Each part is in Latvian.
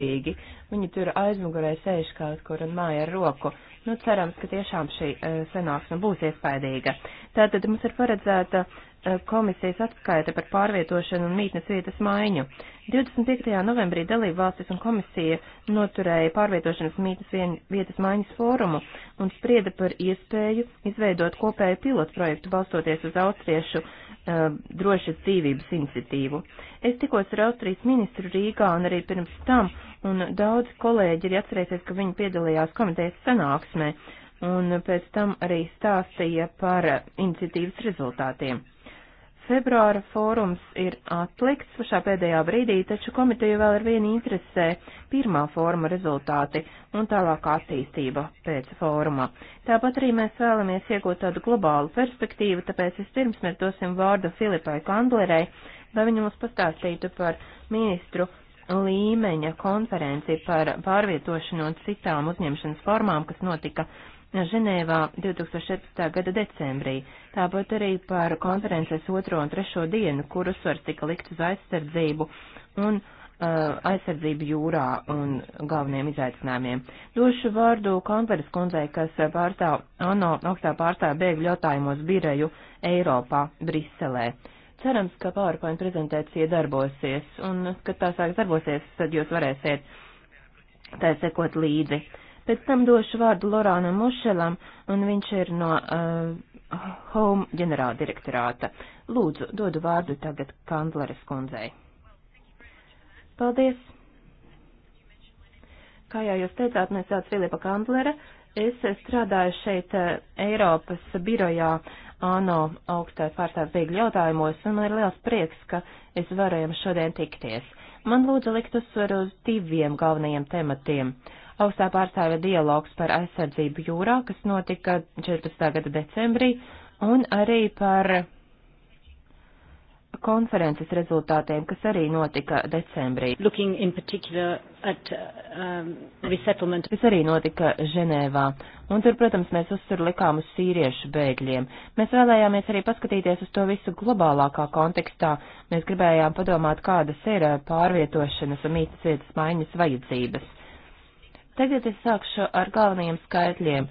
līdzīgi. Viņi tur aizmugurē sēž kaut kur un māja ar roku. Nu, cerams, ka tiešām šī uh, sanāksme būs iespaidīga. Tātad mums ir paredzēta Eh, komisijas atskaita par pārvietošanu un mītnes vietas maiņu. 25. novembrī dalību valstis un komisija noturēja pārvietošanas mītnes vien, vietas maiņas fórumu un sprieda par iespēju izveidot kopēju pilotu projektu balstoties uz austriešu uh, drošas dzīvības iniciatīvu. Es tikos ar Austrijas ministru Rīgā un arī pirms tam, un daudz kolēģi ir atcerēsies, ka viņi piedalījās komitejas sanāksmē un pēc tam arī stāstīja par iniciatīvas rezultātiem. Februāra fórums ir atlikts pašā pēdējā brīdī, taču komiteju vēl ar vienu interesē pirmā fóruma rezultāti un tālākā attīstība pēc fóruma. Tāpat arī mēs vēlamies iegūt tādu globālu perspektīvu, tāpēc vispirms mēs dosim vārdu Filipai Kandlerei, lai viņa mums pastāstītu par ministru līmeņa konferenci par pārvietošanu un citām uzņemšanas formām, kas notika Ženēvā 2016. gada decembrī, tāpat arī par konferences otro un trešo dienu, kur uzsvars tika likts uz aizsardzību un uh, aizsardzību jūrā un galveniem izaicinājumiem. Došu vārdu Konveres kundzei, kas pārstāv ANO augstā pārstāv bēgļu jautājumos bireju Eiropā, Briselē. Cerams, ka PowerPoint prezentācija darbosies, un, kad tā sāks darbosies, tad jūs varēsiet tā sekot līdzi. Uh, Pēc tam došu vārdu Lorānam Mušelam, un viņš ir no uh, Home ģenerāla direktorāta. Lūdzu, dodu vārdu tagad kancleres kundzei. Paldies! Kā jau jūs teicāt, mēs sauc Filipa Kandlera. Es strādāju šeit uh, Eiropas birojā ANO augstās pārstāvs bēgļu jautājumos, un man ir liels prieks, ka es varējām šodien tikties. Man lūdzu likt uzsveru uz diviem galvenajiem tematiem augstā pārstāve dialogs par aizsardzību jūrā, kas notika 14. gada decembrī, un arī par konferences rezultātiem, kas arī notika decembrī. At, um, resettlement. kas arī notika Ženēvā. Un tur, protams, mēs uzsver likām uz sīriešu bēgļiem. Mēs vēlējāmies arī paskatīties uz to visu globālākā kontekstā. Mēs gribējām padomāt, kādas ir pārvietošanas un mītnes vietas maiņas vajadzības. Tagad es sākšu ar galvenajiem skaitļiem.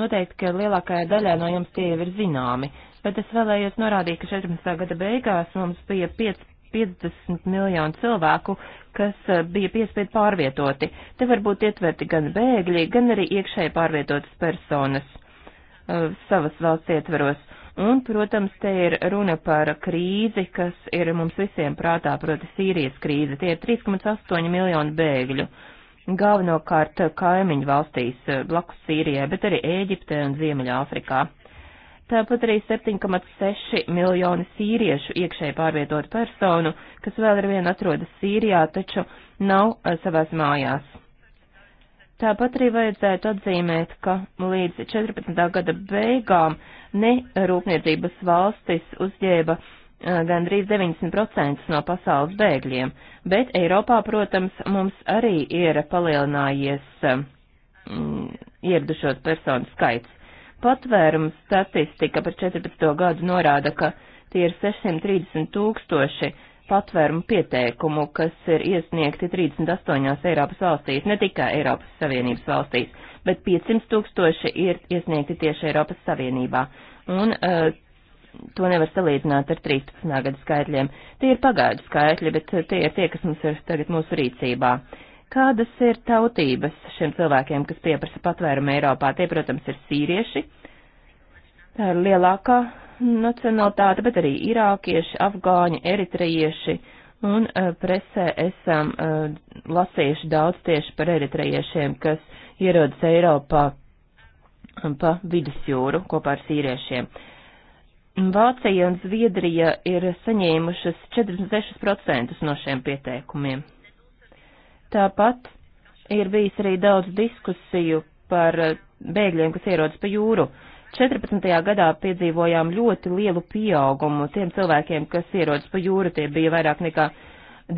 Noteikti, ka lielākajai daļai no jums tie jau ir zināmi, bet es vēlējos norādīt, ka 14. gada beigās mums bija 5, 50 miljonu cilvēku, kas eh, bija piespiedu pārvietoti. Te var būt ietverti gan bēgļi, gan arī iekšēji pārvietotas personas uh, savas valsts ietveros. Un, protams, te ir runa par krīzi, kas ir mums visiem prātā, proti Sīrijas krīze. Tie ir 3,8 miljoni bēgļu. Uh, galvenokārt kaimiņu valstīs eh, blakus Sīrijai, bet arī Ēģiptē un Ziemeļāfrikā. Tāpat arī 7,6 miljoni sīriešu iekšēji pārvietotu personu, kas vēl ar vienu atrodas Sīrijā, taču nav eh, savās mājās. Tāpat arī vajadzētu atzīmēt, ka līdz 14. gada beigām nerūpniecības valstis uzģēba gandrīz 90% no pasaules bēgļiem, bet Eiropā, protams, mums arī ir palielinājies mm, ieradušos personu skaits. Patvērums statistika par 14. gadu norāda, ka tie ir 630 tūkstoši patvērumu pieteikumu, kas ir iesniegti 38 Eiropas valstīs, ne tikai Eiropas Savienības valstīs, bet 500 tūkstoši ir iesniegti tieši Eiropas Savienībā. Un uh, to nevar salīdzināt ar 13. gada skaitļiem. Tie ir pagaidu skaitļi, bet tie ir tie, kas mums ir tagad mūsu rīcībā. Kādas ir tautības šiem cilvēkiem, kas pieprasa patvērumu Eiropā? Tie, protams, ir sīrieši. Tā ir lielākā nacionalitāte, bet arī irākieši, afgāņi, eritrejieši. Un uh, presē esam uh, lasījuši daudz tieši par eritrejiešiem, kas ierodas Eiropā pa vidusjūru kopā ar sīriešiem. Uh, Vācija un Zviedrija ir saņēmušas 46% no šiem pieteikumiem. Tāpat ir bijis arī daudz diskusiju par eh, bēgļiem, kas ierodas pa jūru. 14. gadā piedzīvojām ļoti lielu pieaugumu tiem cilvēkiem, kas ierodas pa jūru, tie bija vairāk nekā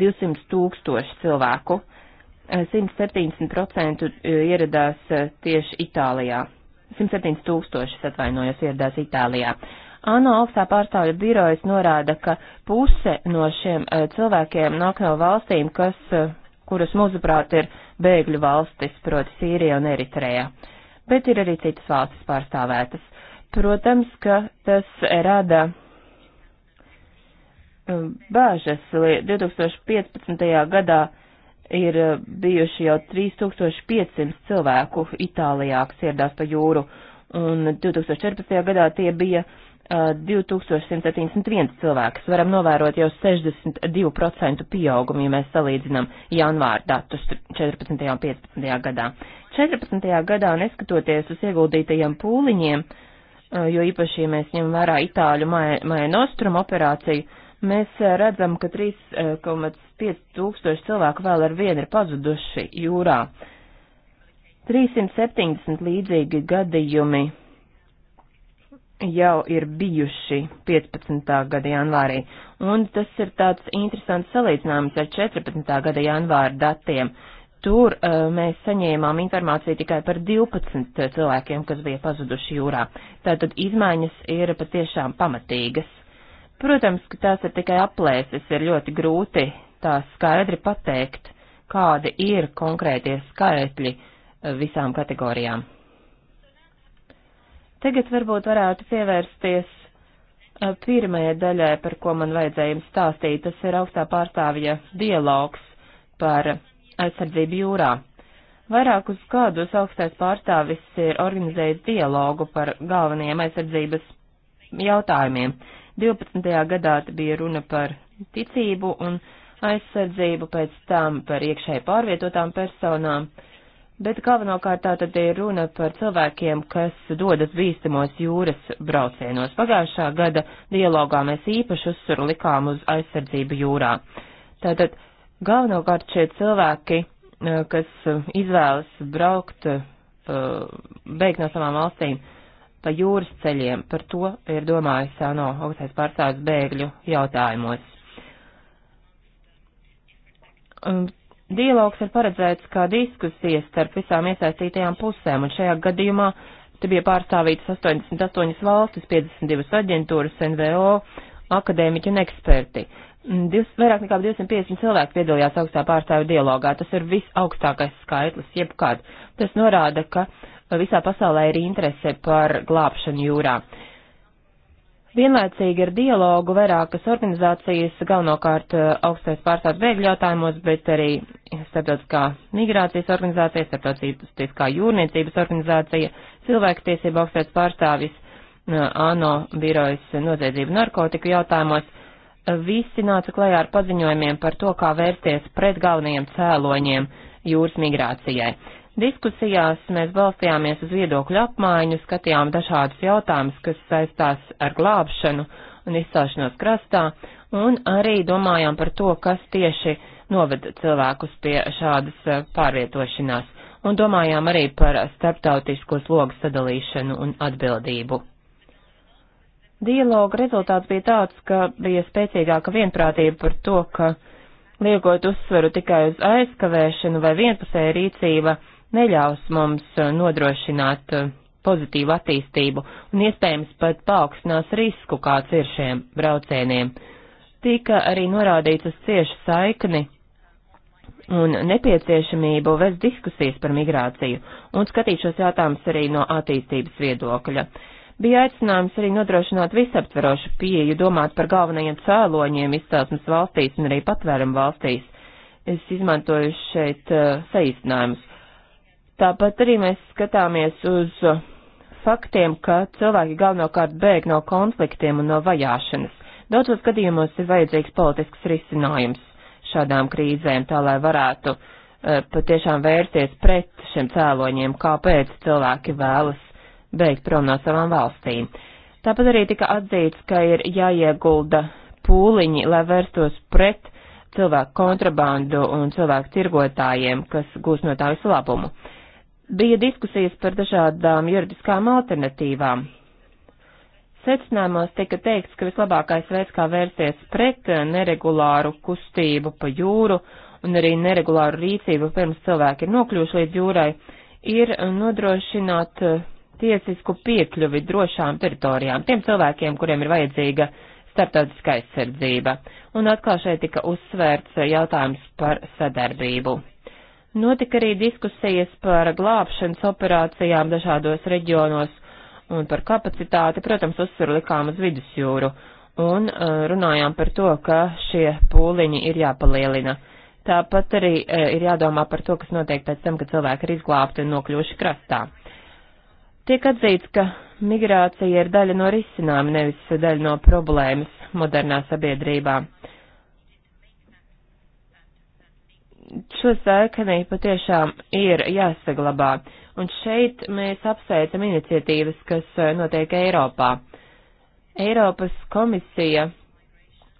200 tūkstoši cilvēku. 170% eh, ieradās eh, tieši Itālijā. 170 tūkstoši atvainojos ieradās Itālijā. ANO augstā pārstāvja birojas norāda, ka puse no šiem eh, cilvēkiem nāk no valstīm, kas, eh, kuras mūsuprāt ir bēgļu valstis, proti Sīrija un Eritreja. Bet ir arī citas valstis pārstāvētas. Protams, ka tas rada eh, bāžas. 2015. gadā ir bijuši jau 3500 cilvēku Itālijā, kas ieradās pa jūru, un 2014. gadā tie bija 2171 uh, cilvēks. Varam novērot jau 62% pieaugumu, ja mēs salīdzinām janvāra datus 14. un 15. gadā. 14. gadā, neskatoties uz ieguldītajiem pūliņiem, uh, jo īpaši, ja mēs ņemam vērā Itāļu Maja Nostrum operāciju, mēs uh, redzam, ka 3,5 tūkstoši cilvēku vēl ar vienu ir pazuduši jūrā. 370 līdzīgi gadījumi jau ir bijuši 15. gada janvārī, un tas ir tāds interesants salīdzinājums ar 14. gada janvāra datiem. Tur uh, mēs saņēmām informāciju tikai par 12 cilvēkiem, kas bija pazuduši jūrā. Tātad izmaiņas ir patiešām pamatīgas. Protams, ka tās ir tikai aplēses, ir ļoti grūti tā skaidri pateikt, kādi ir konkrētie skaitļi uh, visām kategorijām. Tagad varbūt varētu pievērsties pirmajai daļai, par ko man vajadzēja jums stāstīt. Tas ir augstā pārstāvja dialogs par aizsardzību jūrā. Vairākus gadus augstais pārstāvis ir organizējis dialogu par galvenajiem aizsardzības jautājumiem. 12. gadā bija runa par ticību un aizsardzību, pēc tam par iekšēji pārvietotām personām. Uh, bet galvenokārt tā tad ir runa par cilvēkiem, kas dodas bīstamos jūras braucienos. Pagājušā gada dialogā mēs īpaši uzsuru likām uz aizsardzību jūrā. Tātad galvenokārt šie cilvēki, eh, kas izvēlas braukt, eh, beigt no savām valstīm pa jūras ceļiem, par to ir domājis ANO augstais pārstāvis bēgļu jautājumos um, Dialogs ir paredzēts kā diskusijas starp visām iesaistītajām pusēm, un šajā gadījumā te bija pārstāvītas 88 valstis, 52 aģentūras, NVO, akadēmiķi un eksperti. Mm, divs, vairāk nekā 250 cilvēku piedalījās augstā pārstāvju dialogā. Tas ir visaugstākais skaitlis jebkad. Tas norāda, ka visā pasaulē ir interese par glābšanu jūrā. Uh, Vienlaicīgi ar dialogu vairākas organizācijas, galvenokārt eh, augstais pārstāvs bēgļu jautājumos, bet arī starptautiskā migrācijas organizācija, starptautiskā jūrniecības organizācija, cilvēktiesība augstais pārstāvis, eh, ANO birojas noziedzību narkotiku jautājumos. Visi nāca klajā ar paziņojumiem par to, kā vērsties pret galvenajiem cēloņiem jūras migrācijai. Diskusijās mēs balstījāmies uz viedokļu apmaiņu, skatījām dažādus jautājumus, kas saistās ar glābšanu un izcelšanos krastā, un arī domājām par to, kas tieši noveda cilvēkus pie šādas eh, pārvietošanās, un domājām arī par starptautisko slogu sadalīšanu un atbildību. Dialoga rezultāts bija tāds, ka bija spēcīgāka vienprātība par to, ka liekot uzsveru tikai uz aizkavēšanu vai vienpusēju rīcību, neļaus mums uh, nodrošināt uh, pozitīvu attīstību un iespējams pat paaugstinās risku, kāds ir šiem braucieniem. Tika arī norādīts uz ciešu saikni un nepieciešamību vest diskusijas par migrāciju un skatīt šos jautājumus arī no attīstības viedokļa. Bija aicinājums arī nodrošināt visaptverošu pieeju, domāt par galvenajiem cēloņiem izcelsmes valstīs un arī patvērumu valstīs. Es izmantoju šeit uh, saīsinājumus Tāpat arī mēs skatāmies uz faktiem, ka cilvēki galvenokārt bēg no konfliktiem un no vajāšanas. Daudzos gadījumos ir vajadzīgs politisks risinājums šādām krīzēm, tā lai varētu uh, patiešām vērsties pret šiem cēloņiem, kāpēc cilvēki vēlas beigt prom no savām valstīm. Tāpat arī tika atzīts, ka ir jāiegulda pūliņi, lai vērstos pret cilvēku kontrabandu un cilvēku tirgotājiem, kas gūs no tā visu labumu. Bija diskusijas par dažādām juridiskām alternatīvām. Secinājumos tika teikts, ka vislabākais veids, kā vērsties pret neregulāru kustību pa jūru un arī neregulāru rīcību pirms cilvēki ir nokļuvuši līdz jūrai, ir nodrošināt eh, tiesisku piekļuvi drošām teritorijām tiem cilvēkiem, kuriem ir vajadzīga starptautiska aizsardzība. Un atkal šeit tika uzsvērts jautājums par sadarbību. Notika arī diskusijas par glābšanas operācijām dažādos reģionos un par kapacitāti, protams, uzsver likām uz vidusjūru, un uh, runājām par to, ka šie pūliņi ir jāpalielina. Tāpat arī uh, ir jādomā par to, kas notiek pēc tam, kad cilvēki ir izglābti un nokļuvuši krastā. Tiek atzīts, ka migrācija ir daļa no risinājuma, nevis daļa no problēmas modernā sabiedrībā. Uh, šo saikni patiešām ir jāsaglabā. Un šeit mēs apsveicam iniciatīvas, kas eh, notiek Eiropā. Eiropas komisija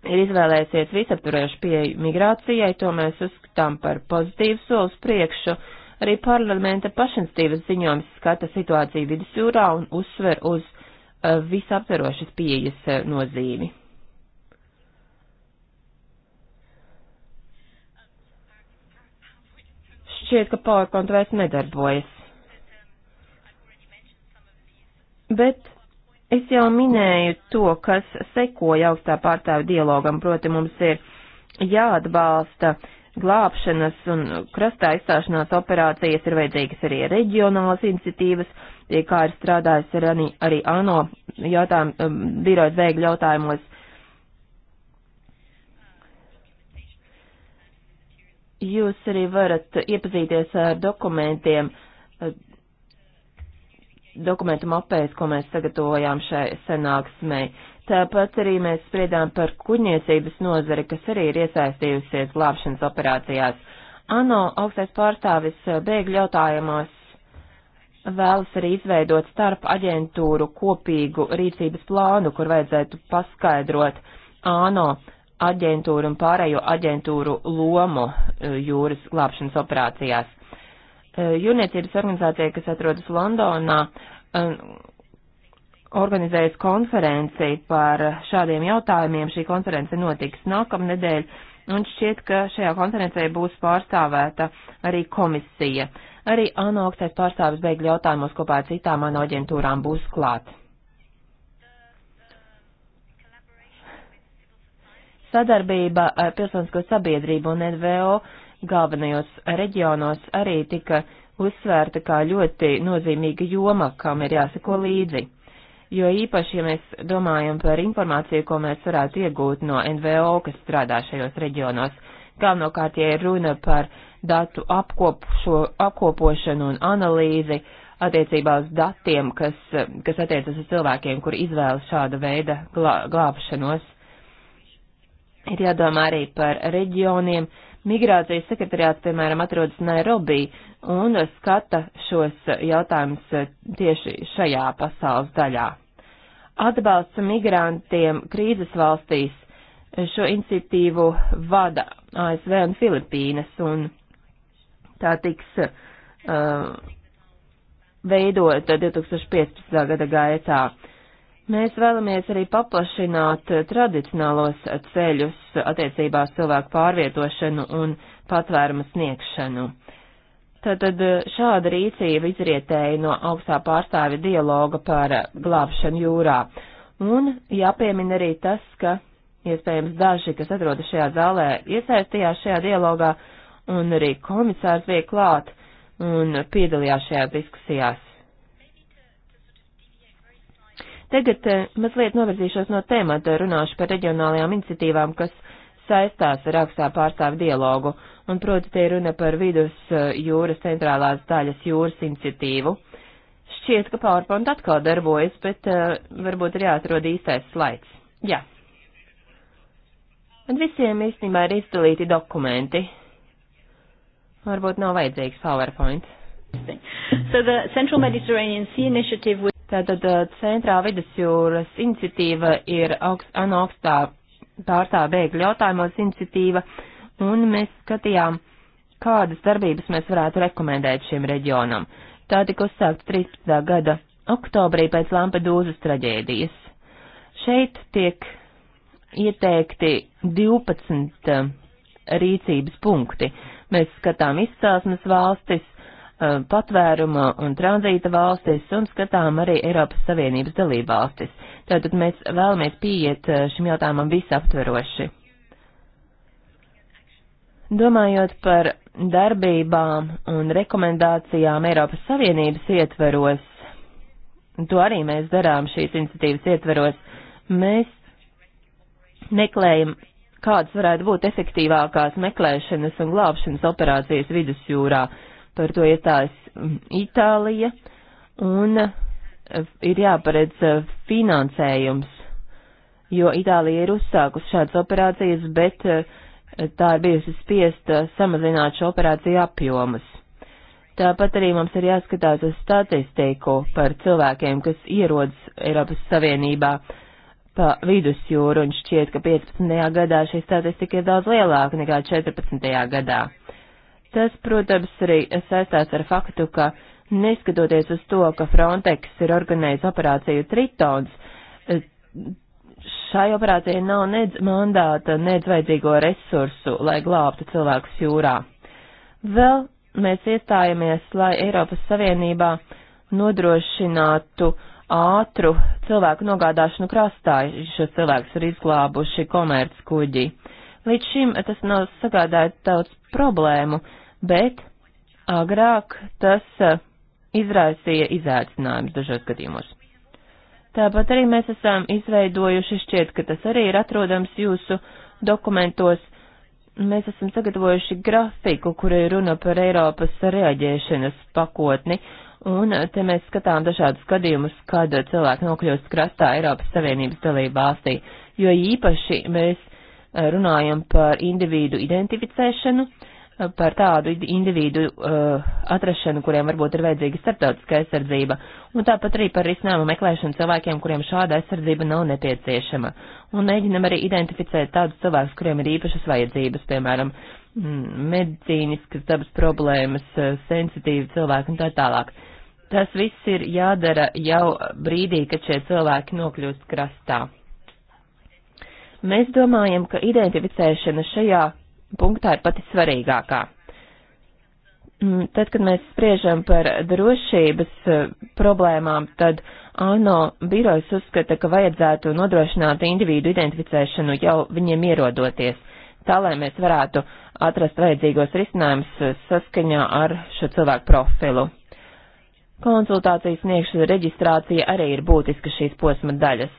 ir izvēlēsies visaptvarošu pieeju migrācijai, to mēs uzskatām par pozitīvu soli uz priekšu. Arī parlamenta pašinstīvas ziņojums skata situāciju vidusjūrā un uzsver uz eh, visaptvarošas pieejas eh, nozīmi. šķiet, ka PowerPoint vairs nedarbojas. Bet es jau minēju to, kas sekoja augstā pārstāvja dialogam, proti mums ir jāatbalsta glābšanas un krastā izstāšanās operācijas ir vajadzīgas arī reģionālas iniciatīvas, tie kā ir strādājis ar, arī, arī ANO jautājumu, um, biroja zvēgļu jautājumos, Jūs arī varat iepazīties ar dokumentiem, eh, dokumentu mapēs, ko mēs sagatavojām šai sanāksmei. Tāpat arī mēs spriedām par kuģniecības nozari, kas arī ir iesaistījusies glābšanas operācijās. ANO augstais pārstāvis bēgļu jautājumos vēlas arī izveidot starp aģentūru kopīgu rīcības plānu, kur vajadzētu paskaidrot ANO aģentūru un pārējo aģentūru lomu e, jūras glābšanas operācijās. E, Jūrniecības organizācija, kas atrodas Londonā, e, organizējas konferenci par šādiem jautājumiem. Šī konference notiks nākamnedēļ, un šķiet, ka šajā konferencē būs pārstāvēta arī komisija. Arī ANO augstais pārstāvis beigļu jautājumos kopā ar citām ANO aģentūrām būs klāts. Sadarbība ar eh, pilsonisko sabiedrību un NVO galvenajos reģionos arī tika uzsvērta kā ļoti nozīmīga joma, kam ir jāseko līdzi. Jo īpaši, ja mēs domājam par informāciju, ko mēs varētu iegūt no NVO, kas strādā šajos reģionos, galvenokārt, ja ir runa par datu apkopšo, apkopošanu un analīzi attiecībā uz datiem, kas, kas attiecas uz cilvēkiem, kur izvēlas šāda veida glā, glābšanos, Ir jādomā arī par reģioniem. Migrācijas sekretariāts, piemēram, atrodas Nairobi un skata šos jautājumus eh, tieši šajā pasaules daļā. Atbalsts migrantiem krīzes valstīs šo iniciatīvu vada ASV un Filipīnas, un tā tiks uh, veidota 2015. gada gaitā. Uh, Mēs vēlamies arī paplašināt tradicionālos ceļus attiecībās cilvēku pārvietošanu un patvērumu sniegšanu. Tātad eh, šāda rīcība izrietēja no augstā pārstāvi dialoga par eh, glābšanu jūrā. Un jāpiemina arī tas, ka iespējams daži, kas atrodas šajā zālē, iesaistījās šajā dialogā, un arī komisārs bija klāt un piedalījās šajā diskusijās. Tagad eh, mazliet novirzīšos no tēmata, runāšu par reģionālajām iniciatīvām, kas saistās ar augstā pārstāvu dialogu, un proti te runa par vidus eh, jūras centrālās daļas jūras iniciatīvu. Šķiet, ka PowerPoint atkal darbojas, bet uh, varbūt ir jāatrod īstais slaids. Jā. Un visiem īstenībā ir izdalīti dokumenti. Varbūt nav vajadzīgs PowerPoint. So the Central Mediterranean Sea Initiative Tātad centrā vidusjūras iniciatīva ir augst, ANO augstā pārstāvja bēgļu jautājumos iniciatīva, un mēs skatījām, kādas darbības mēs varētu rekomendēt šim reģionam. Tā tika uzsākta 13. gada oktobrī pēc Lampedūzas traģēdijas. Šeit tiek ieteikti 12 rīcības punkti. Mēs skatām izcelsmes valstis, Uh, patvēruma un tranzīta valstis un skatām arī Eiropas Savienības dalību valstis. Tātad mēs vēlamies pieiet uh, šim jautājumam visaptveroši. Domājot par darbībām un rekomendācijām Eiropas Savienības ietveros, to arī mēs darām šīs iniciatīvas ietveros, mēs meklējam, kādas varētu būt efektīvākās meklēšanas un glābšanas operācijas vidusjūrā. Uh, par to iestājas mm, Itālija, un eh, ir jāparedz eh, finansējums, jo Itālija ir uzsākusi šādas operācijas, bet eh, tā ir bijusi spiest samazināt šo operāciju apjomus. Tāpat arī mums ir jāskatās uz statistiku par cilvēkiem, kas ierodas Eiropas Savienībā pa vidusjūru, un šķiet, ka 15. gadā šī statistika ir daudz lielāka nekā 14. gadā. Tas, protams, arī saistās ar faktu, ka neskatoties uz to, ka Frontex ir organizējis operāciju Tritons, eh, šai operācijai nav nedz mandāta, nedz vajadzīgo resursu, lai glābtu cilvēkus jūrā. Vēl mēs iestājamies, lai Eiropas Savienībā nodrošinātu ātru cilvēku nogādāšanu krastā, šo cilvēkus ir izglābuši komerc kuģi. Līdz šim tas nav sagādājis daudz problēmu, bet agrāk tas uh, izraisīja izaicinājumus dažos gadījumos. Tāpat arī mēs esam izveidojuši, šķiet, ka tas arī ir atrodams jūsu dokumentos. Mēs esam sagatavojuši grafiku, kur ir runa par Eiropas reaģēšanas pakotni, un te mēs skatām dažādus gadījumus, kad cilvēki nokļūst krastā Eiropas Savienības dalība valstī, jo īpaši mēs uh, runājam par individu identificēšanu, uh, par tādu individu uh, atrašanu, kuriem varbūt ir vajadzīga starptautiska aizsardzība, un tāpat arī par risinājumu meklēšanu cilvēkiem, kuriem šāda aizsardzība nav nepieciešama. Un mēģinam arī identificēt tādus cilvēkus, kuriem ir īpašas vajadzības, piemēram, mm, medicīniskas dabas problēmas, uh, sensitīvi cilvēki un tā tālāk. Tas viss ir jādara jau brīdī, kad šie cilvēki nokļūst krastā. Mēs domājam, ka identificēšana šajā punktā ir pati svarīgākā. Mm, tad, kad mēs spriežam par drošības eh, problēmām, tad ANO birojas uzskata, ka vajadzētu nodrošināt individu identificēšanu jau viņiem ierodoties, tā lai mēs varētu atrast vajadzīgos risinājumus eh, saskaņā ar šo cilvēku profilu. Konsultācijas sniegšana reģistrācija arī ir būtiska šīs posma daļas.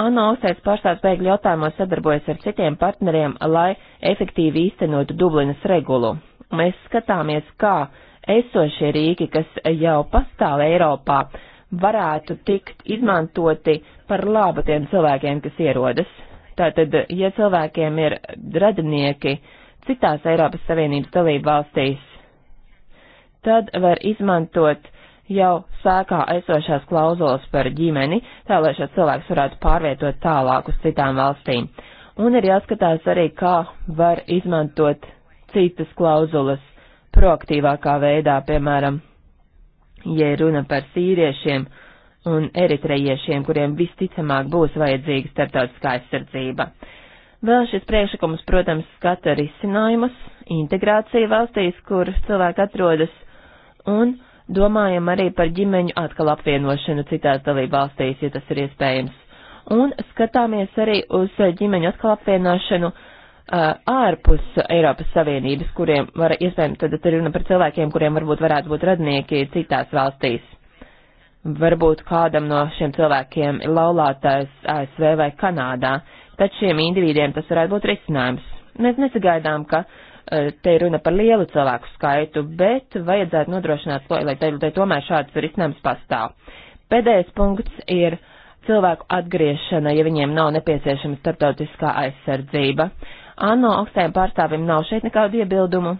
ANO augstais pārstāvs bēgļu jautājumos sadarbojas ar citiem partneriem, lai efektīvi īstenotu Dublinas regulu. Mēs skatāmies, kā esošie rīki, kas jau pastāv Eiropā, varētu tikt izmantoti par labu tiem cilvēkiem, kas ierodas. Tātad, ja cilvēkiem ir radinieki citās Eiropas Savienības dalību valstīs, tad var izmantot jau sēkā esošās klauzulas par ģimeni, tā lai šos cilvēkus varētu pārvietot tālāk uz citām valstīm. Un ir jāskatās arī, kā var izmantot citas klauzulas proaktīvākā veidā, piemēram, ja runa par sīriešiem un eritrejiešiem, kuriem visticamāk būs vajadzīga starptautiskā aizsardzība. Vēl šis priekšlikums, protams, skata risinājumus, integrāciju valstīs, kur cilvēki atrodas, un Domājam arī par ģimeņu atkal apvienošanu citās dalībvalstīs, ja tas ir iespējams. Un skatāmies arī uz ģimeņu atkal apvienošanu ārpus Eiropas Savienības, kuriem var iespējams tad ir runa par cilvēkiem, kuriem varbūt varētu būt radnieki citās valstīs. Varbūt kādam no šiem cilvēkiem ir laulātājs ASV vai Kanādā, tad šiem indivīdiem tas varētu būt risinājums. Mēs nesagaidām, ka uh, Eh, te ir runa par lielu cilvēku skaitu, bet vajadzētu nodrošināt, lai, lai, te, lai tomēr šāds risinājums pastāv. Pēdējais punkts ir cilvēku atgriešana, ja viņiem nav nepieciešama starptautiskā aizsardzība. ANO augstajiem pārstāvim nav šeit nekādu iebildumu.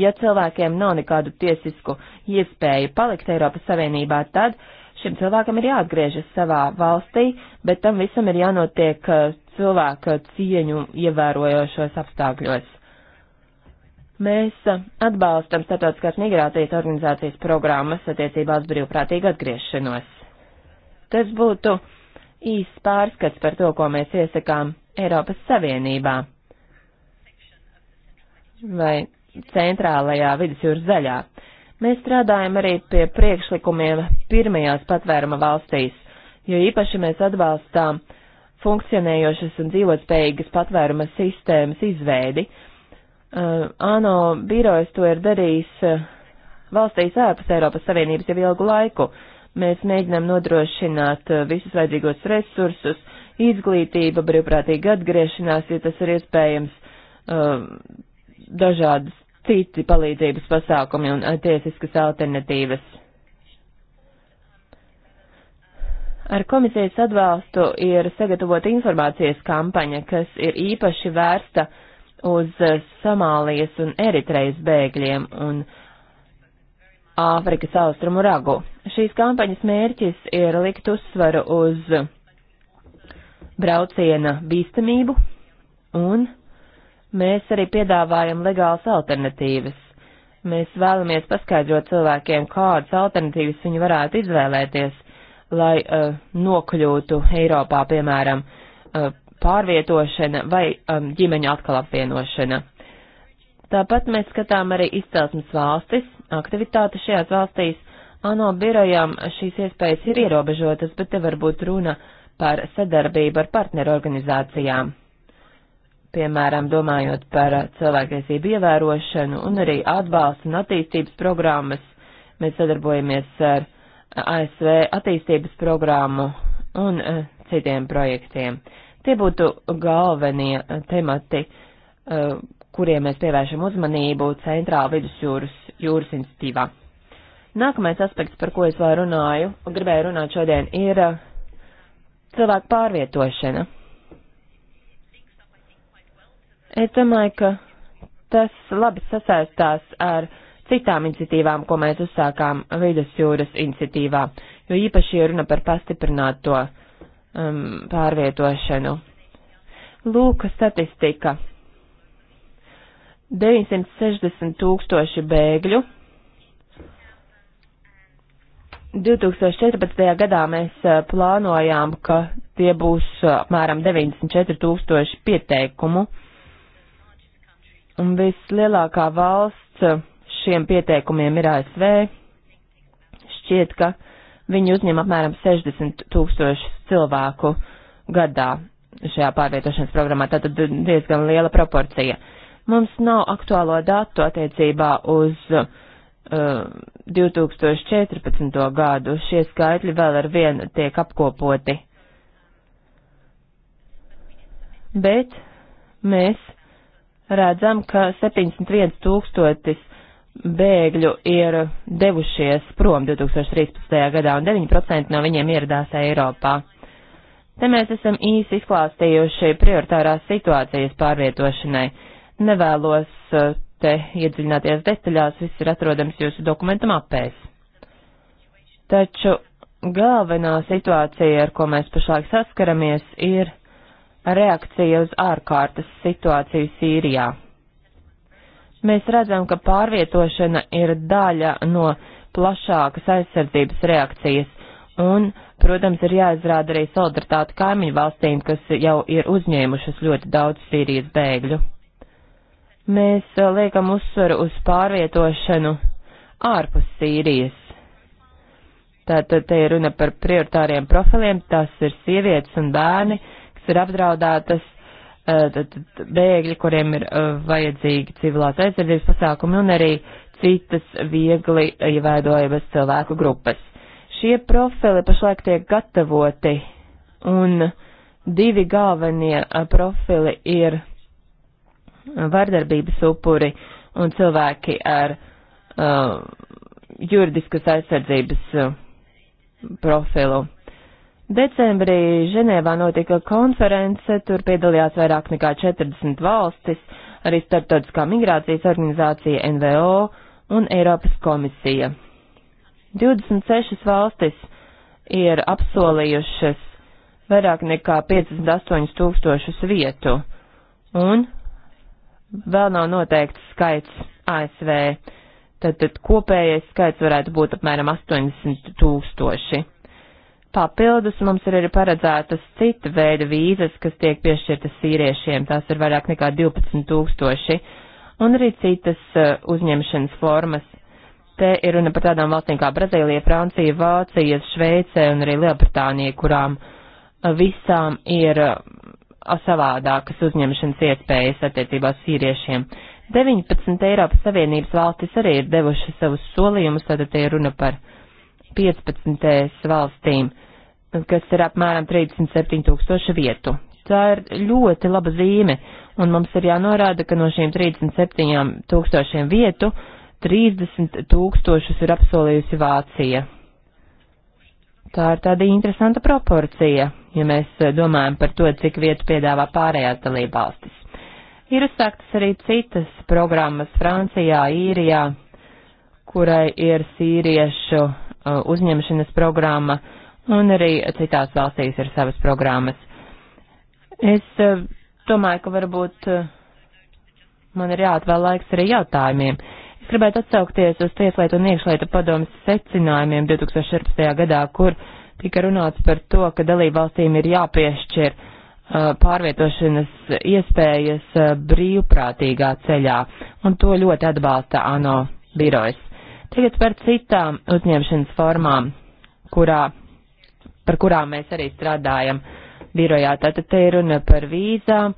Ja cilvēkiem nav nekādu tiesisku iespēju palikt Eiropas Savienībā, tad šim cilvēkam ir jāatgriežas savā valstī, bet tam visam ir jānotiek eh, cilvēka cieņu ievērojošos apstākļos. Mēs atbalstam Startautiskās migrācijas organizācijas programmas attiecībā uz brīvprātīgu atgriešanos. Tas būtu īsts pārskats par to, ko mēs iesakām Eiropas Savienībā vai centrālajā vidusjūras zaļā. Mēs strādājam arī pie priekšlikumiem pirmajās patvēruma valstīs, jo īpaši mēs atbalstām funkcionējošas un dzīvotspējīgas patvēruma sistēmas izveidi, uh, Eh, ANO birojas to ir darījis eh, valstīs ārpus Eiropas Savienības jau ilgu laiku. Mēs mēģinām nodrošināt eh, visus vajadzīgos resursus, izglītība, brīvprātīga atgriešanās, ja tas ir iespējams, dažādas citi palīdzības pasākumi un tiesiskas alternatīvas. Ar komisijas atbalstu ir sagatavota informācijas kampaņa, kas ir īpaši vērsta uh, uz eh, Somālijas un Eritrejas bēgļiem un Āfrikas austrumu ragu. Šīs kampaņas mērķis ir likt uzsvaru uz brauciena bīstamību un mēs arī piedāvājam legālas alternatīvas. Mēs vēlamies paskaidrot cilvēkiem, kādas alternatīvas viņi varētu izvēlēties, lai uh, nokļūtu Eiropā, piemēram, uh, pārvietošana vai um, ģimeņu atkal apvienošana. Tāpat mēs skatām arī izcelsmes valstis, aktivitāte šajās valstīs. ANO birojām šīs iespējas ir ierobežotas, bet te var būt runa par sadarbību ar partneru organizācijām. Piemēram, domājot par cilvēktiesību ievērošanu un arī atbalstu un attīstības programmas, mēs sadarbojamies ar ASV attīstības programmu un uh, citiem projektiem. Uh, Tie būtu galvenie eh, temati, eh, kuriem mēs pievēršam uzmanību Centrāla vidusjūras jūras institīvā. Nākamais aspekts, par ko es vēl runāju un gribēju runāt šodien, ir eh, cilvēku pārvietošana. Es domāju, ka tas labi sasaistās ar citām iniciatīvām, ko mēs uzsākām vidusjūras iniciatīvā, jo īpaši ir runa par pastiprināto uh, um, pārvietošanu. Lūk, statistika. 960 tūkstoši bēgļu. 2014. gadā mēs uh, plānojām, ka tie būs uh, apmēram 94 tūkstoši pieteikumu. Un vislielākā valsts uh, šiem pieteikumiem ir ASV. Šķiet, ka Viņi uzņem apmēram 60 tūkstošus cilvēku gadā šajā pārvietošanas programmā, tātad diezgan liela proporcija. Mums nav aktuālo datu attiecībā uz uh, 2014. gadu. Šie skaitļi vēl ar vienu tiek apkopoti. Bet mēs redzam, ka 71 tūkstotis bēgļu ir devušies prom 2013. gadā, un 9% no viņiem ieradās Eiropā. Te mēs esam īsi izklāstījuši prioritārās situācijas pārvietošanai. Nevēlos eh, te iedziļināties detaļās, viss ir atrodams jūsu dokumentu mapēs. Taču galvenā situācija, ar ko mēs pašlaik saskaramies, ir reakcija uz ārkārtas situāciju Sīrijā. Mēs redzam, ka pārvietošana ir daļa no plašākas aizsardzības reakcijas, un, protams, ir jāizrāda arī solidaritāte kaimiņu valstīm, kas jau ir uzņēmušas ļoti daudz Sīrijas bēgļu. Mēs eh, liekam uzsvaru uz pārvietošanu ārpus Sīrijas. Tātad te ir runa par prioritāriem profiliem, tas ir sievietes un bērni, kas ir apdraudētas Eh, bēgļi, kuriem ir eh, vajadzīgi civilās aizsardzības pasākumi un arī citas viegli ievēdojamas cilvēku grupas. Šie profili pašlaik tiek gatavoti un divi galvenie eh, profili ir vardarbības upuri un cilvēki ar uh, juridiskas aizsardzības profilu. Decembrī Ženēvā notika konference, tur piedalījās vairāk nekā 40 valstis, arī Startautiskā migrācijas organizācija NVO un Eiropas komisija. 26 valstis ir apsolījušas vairāk nekā 58 tūkstošus vietu, un vēl nav noteikts skaits ASV, tad, tad kopējais skaits varētu būt apmēram 80 tūkstoši. Papildus mums ir arī paredzētas cita veida vīzas, kas tiek piešķirtas sīriešiem, tās ir vairāk nekā 12 tūkstoši, un arī citas uh, uzņemšanas formas. Te ir runa par tādām valstīm kā Brazīlija, Francija, Vācija, Šveicē un arī Lielbritānija, kurām uh, visām ir uh, savādākas uzņemšanas iespējas attiecībā uz sīriešiem. 19 Eiropas Savienības valstis arī ir devušas savus solījumus, tātad te ir runa par 15 valstīm, kas ir apmēram 37 tūkstoši vietu. Tā ir ļoti laba zīme, un mums ir jānorāda, ka no šīm 37 tūkstošiem vietu 30 tūkstošus ir apsolījusi Vācija. Tā ir tāda interesanta proporcija, ja mēs domājam par to, cik vietu piedāvā pārējās dalībvalstis. Ir uzsāktas arī citas programmas Francijā, Īrijā, kurai ir sīriešu Uh, uzņemšanas programma, un arī citās valstīs ir savas programmas. Es uh, domāju, ka varbūt uh, man ir jāatvēl laiks arī jautājumiem. Es gribētu atsaukties uz Tieslietu un iekšlietu padomas secinājumiem 2014. gadā, kur tika runāts par to, ka dalībvalstīm ir jāpiešķir pārvietošanas iespējas brīvprātīgā ceļā, un to ļoti atbalsta ANO birojas. Tagad par citām uzņemšanas formām, kurā, par kurām mēs arī strādājam birojā. Tātad te ir runa par vīzām,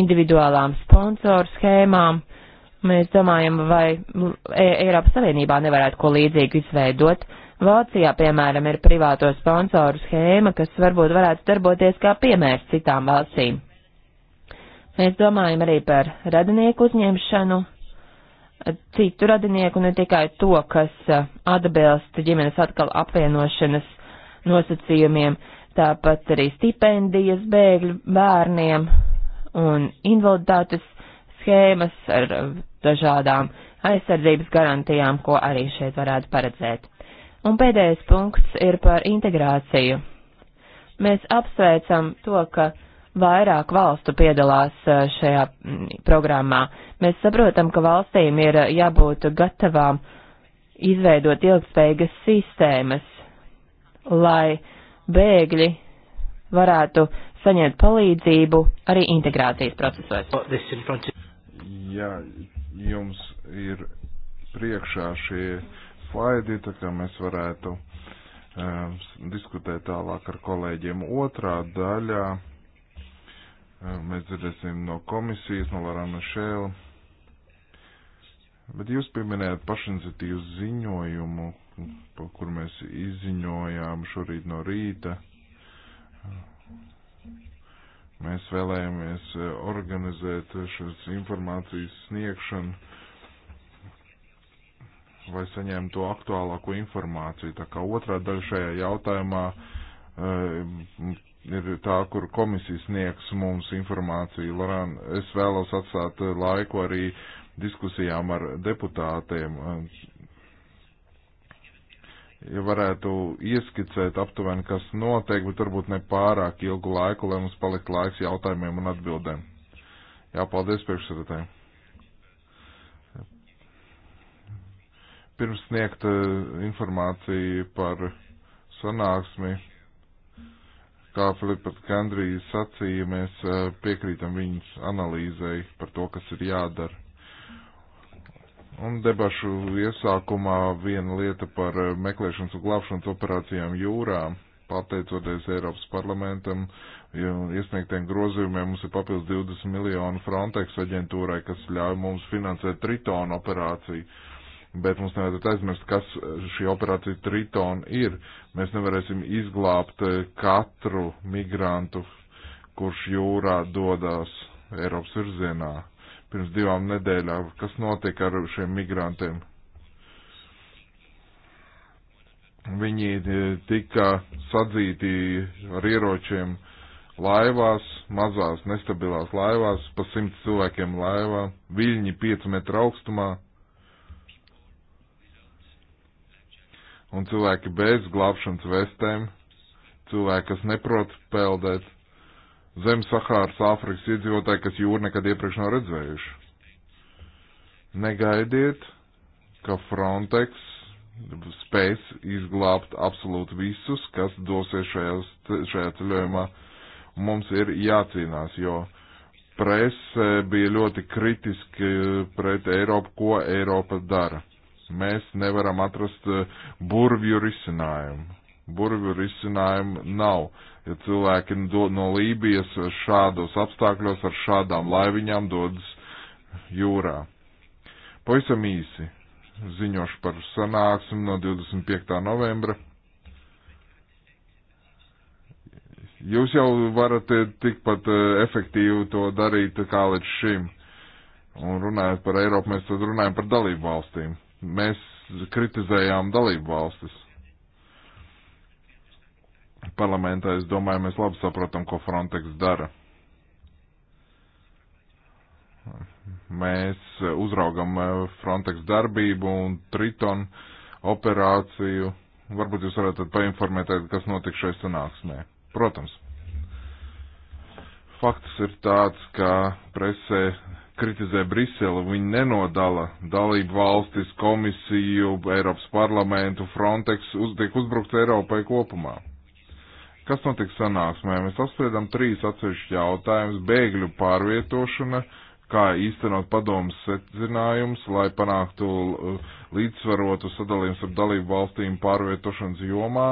individuālām sponsoru schēmām. Mēs domājam, vai e, Eiropas Savienībā nevarētu ko līdzīgu izveidot. Vācijā, piemēram, ir privāto sponsoru schēma, kas varbūt varētu darboties kā piemērs citām valstīm. Mēs domājam arī par radinieku uzņemšanu, citu radinieku, ne tikai to, kas atbilst ģimenes atkal apvienošanas nosacījumiem, tāpat arī stipendijas bēgļu bērniem un invaliditātes schēmas ar dažādām aizsardzības garantijām, ko arī šeit varētu paredzēt. Un pēdējais punkts ir par integrāciju. Mēs apsveicam to, ka vairāk valstu piedalās eh, šajā mm, programmā. Mēs saprotam, ka valstīm ir eh, jābūt gatavām izveidot ilgspējīgas sistēmas, lai bēgļi varētu saņemt palīdzību arī integrācijas procesos. Ja jums ir priekšā šie slaidi, tad mēs varētu um, diskutēt tālāk ar kolēģiem. Otrā daļā Mēs dzirdēsim no komisijas, no Lorana Šēla. Bet jūs pieminējat pašiniciatīvu ziņojumu, par kur mēs izziņojām šorīt no rīta. Mēs vēlējāmies organizēt šīs informācijas sniegšanu, lai saņemtu to aktuālāko informāciju. Tā kā otrā daļa šajā jautājumā ir tā, kur komisija sniegs mums informāciju. Loran, es vēlos atstāt laiku arī diskusijām ar deputātiem. Ja varētu ieskicēt aptuveni, kas notiek, bet varbūt ne pārāk ilgu laiku, lai mums palikt laiks jautājumiem un atbildēm. Jā, paldies priekšsēdētājiem. Pirms sniegt eh, informāciju par sanāksmi, Kā Filipa Kandrija sacīja, mēs piekrītam viņas analīzei par to, kas ir jādara. Un debašu iesākumā viena lieta par meklēšanas un glābšanas operācijām jūrā. Pateicoties Eiropas parlamentam un iesniegtiem grozījumiem, mums ir papildus 20 miljonu Frontex aģentūrai, kas ļauj mums finansēt Tritonu operāciju. Uh, bet mums nevajadzētu aizmirst, kas eh, šī operācija Triton ir. Mēs nevarēsim izglābt eh, katru migrantu, kurš jūrā dodas Eiropas virzienā. Pirms divām nedēļām, kas notiek ar šiem migrantiem? Viņi eh, tika sadzīti ar ieročiem laivās, mazās nestabilās laivās, pa simts cilvēkiem laivā, viļņi 5 metru augstumā. un cilvēki bez glābšanas vestēm, cilvēki, kas neprot peldēt, zem Sahāras Āfrikas iedzīvotāji, kas jūru nekad iepriekš nav redzējuši. Negaidiet, ka Frontex spēs izglābt absolūti visus, kas dosies šajās, šajā ceļojumā. Mums ir jācīnās, jo prese bija ļoti kritiski pret Eiropu, ko Eiropa dara. Mēs nevaram atrast eh, burvju risinājumu. Burvju risinājumu nav. Ja cilvēki no Lībijas šādos apstākļos ar šādām laiviņām dodas jūrā. Pavisam īsi ziņošu par sanāksmi no 25. novembra. Jūs jau varat eh, tikpat eh, efektīvi to darīt kā līdz šim. Un runājot par Eiropu, mēs tad runājam par dalību valstīm mēs kritizējām dalību valstis. Parlamentā, es domāju, mēs labi saprotam, ko Frontex dara. Mēs uzraugam eh, Frontex darbību un Triton operāciju. Varbūt jūs varētu painformēt, eh, kas notika šai sanāksmē. Protams. Fakts ir tāds, ka presē kritizē Briseli, viņi nenodala dalību valstis, komisiju, Eiropas parlamentu, Frontex, uz, tiek uzbrukts Eiropai kopumā. Kas notiek sanāksmē? Mēs apspriedām trīs atsevišķi jautājumus - bēgļu pārvietošana, kā īstenot padomus secinājumus, lai panāktu uh, līdzsvarotu sadalījumu starp dalību valstīm pārvietošanas jomā.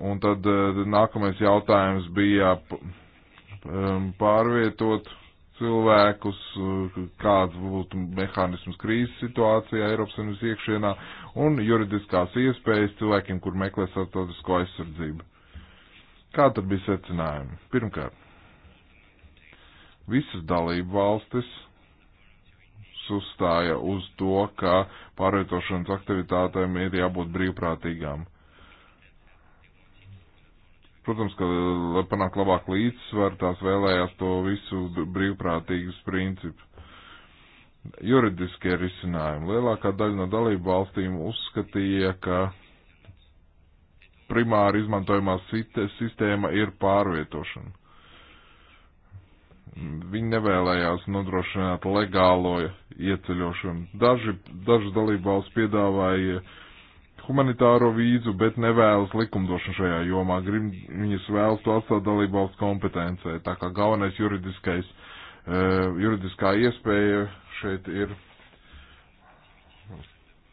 Un tad uh, nākamais jautājums bija um, pārvietot cilvēkus, kāds būtu mehānisms krīzes situācijā Eiropas Savienības iekšienā un juridiskās iespējas cilvēkiem, kur meklē starptautisko aizsardzību. Kā tad bija secinājumi? Pirmkārt, visas dalību valstis uzstāja uz to, ka pārvietošanas aktivitātēm ir jābūt brīvprātīgām. Protams, ka, lai panāktu labāku līdzsvaru, tās vēlējās to visu brīvprātīgas principu. Juridiskie risinājumi. Lielākā daļa no dalību valstīm uzskatīja, ka primāri izmantojamā sistēma ir pārvietošana. Viņi nevēlējās nodrošināt legālo ieceļošanu. Daži, daži dalību valsts piedāvāja uh, humanitāro vīzu, bet nevēlas likumdošanu šajā jomā. Grib, viņas vēlas to atstāt dalībvalsts kompetencē. Tā kā galvenais juridiskais, e, juridiskā iespēja šeit ir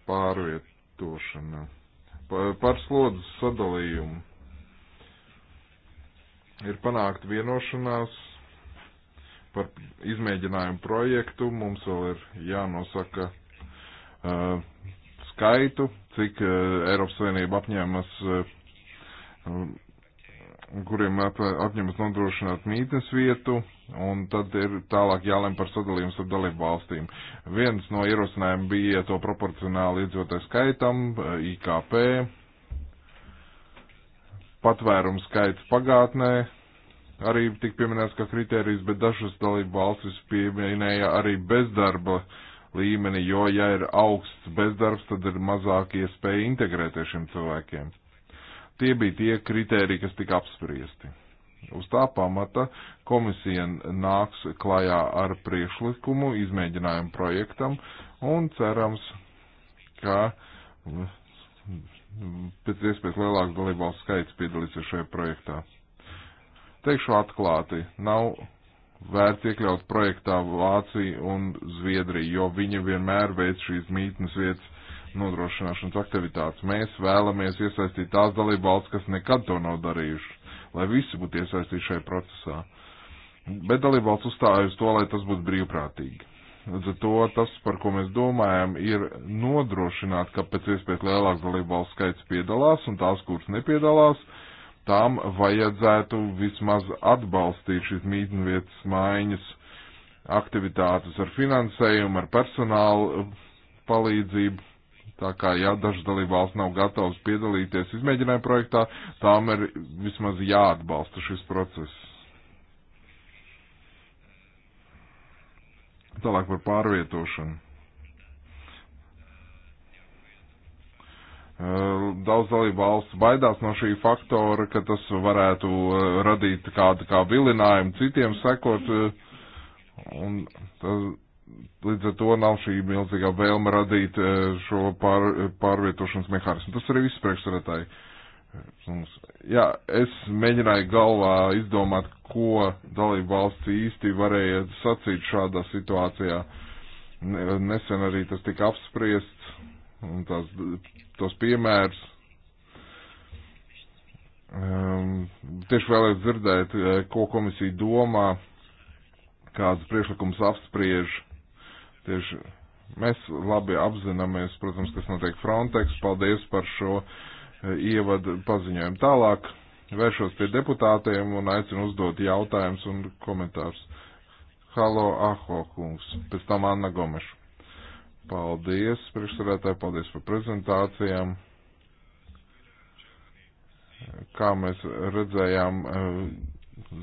pārvietošana. Par slodzes sadalījumu ir panākta vienošanās par izmēģinājumu projektu. Mums vēl ir jānosaka uh, skaitu, cik eh, Eiropas Savienība apņēmas, eh, kuriem apņemas nodrošināt mītnes vietu, un tad ir tālāk jālem par sadalījumu starp dalību valstīm. Viens no ierosinājumiem bija to proporcionāli iedzīvotāju skaitam, eh, IKP, patvērumu skaits pagātnē, arī tik pieminēts kā kriterijs, bet dažas dalību valstis pieminēja arī bezdarba uh, līmeni, jo, ja ir augsts bezdarbs, tad ir mazāk iespēja integrēties šiem cilvēkiem. Tie bija tie kriteriji, kas tika apspriesti. Uz tā pamata komisija nāks klajā ar priekšlikumu izmēģinājumu projektam un cerams, ka pēc iespējas lielāks dalībvalsts skaits piedalīsies šajā projektā. Teikšu atklāti, nav vērts iekļaut projektā Vāciju un Zviedriju, jo viņi vienmēr veic šīs mītnes vietas nodrošināšanas aktivitātes. Mēs vēlamies iesaistīt tās dalību valsts, kas nekad to nav darījuši, lai visi būtu iesaistīti šajā procesā. Bet dalību valsts uzstāja uz to, lai tas būtu brīvprātīgi. Līdz ar to tas, par ko mēs domājam, ir nodrošināt, ka pēc iespējas lielāks dalību valsts skaits piedalās un tās, kuras nepiedalās, uh, tam vajadzētu vismaz atbalstīt šīs mītnvietas maiņas aktivitātes ar finansējumu, ar personālu um, palīdzību. Tā kā, ja dažas dalībvalsts nav gatavas piedalīties izmēģinājuma projektā, tām ir vismaz jāatbalsta šis process. Tālāk par pārvietošanu. Daudz dalību valsts baidās no šī faktora, ka tas varētu radīt kādu kā vilinājumu citiem sekot. Un tas, līdz ar to nav šī milzīgā vēlme radīt šo pār, pārvietošanas mehānismu. Tas arī viss priekšsarētāji. Jā, es mēģināju galvā izdomāt, ko dalību valsts īsti varēja sacīt šādā situācijā. Nesen arī tas tika apspriests, un tās tos piemērus. Um, tieši vēlēs dzirdēt, eh, ko komisija domā, kādas priekšlikums apspriež. Tieši mēs labi apzināmies, protams, kas notiek Frontex. Paldies par šo eh, ievadu paziņojumu. Tālāk vēršos pie deputātiem un aicinu uzdot jautājumus un komentārus. Halo, Aho kungs, pēc tam Anna Gomeša. Paldies, priekšsarētāji, paldies par prezentācijām. Kā mēs redzējām, eh,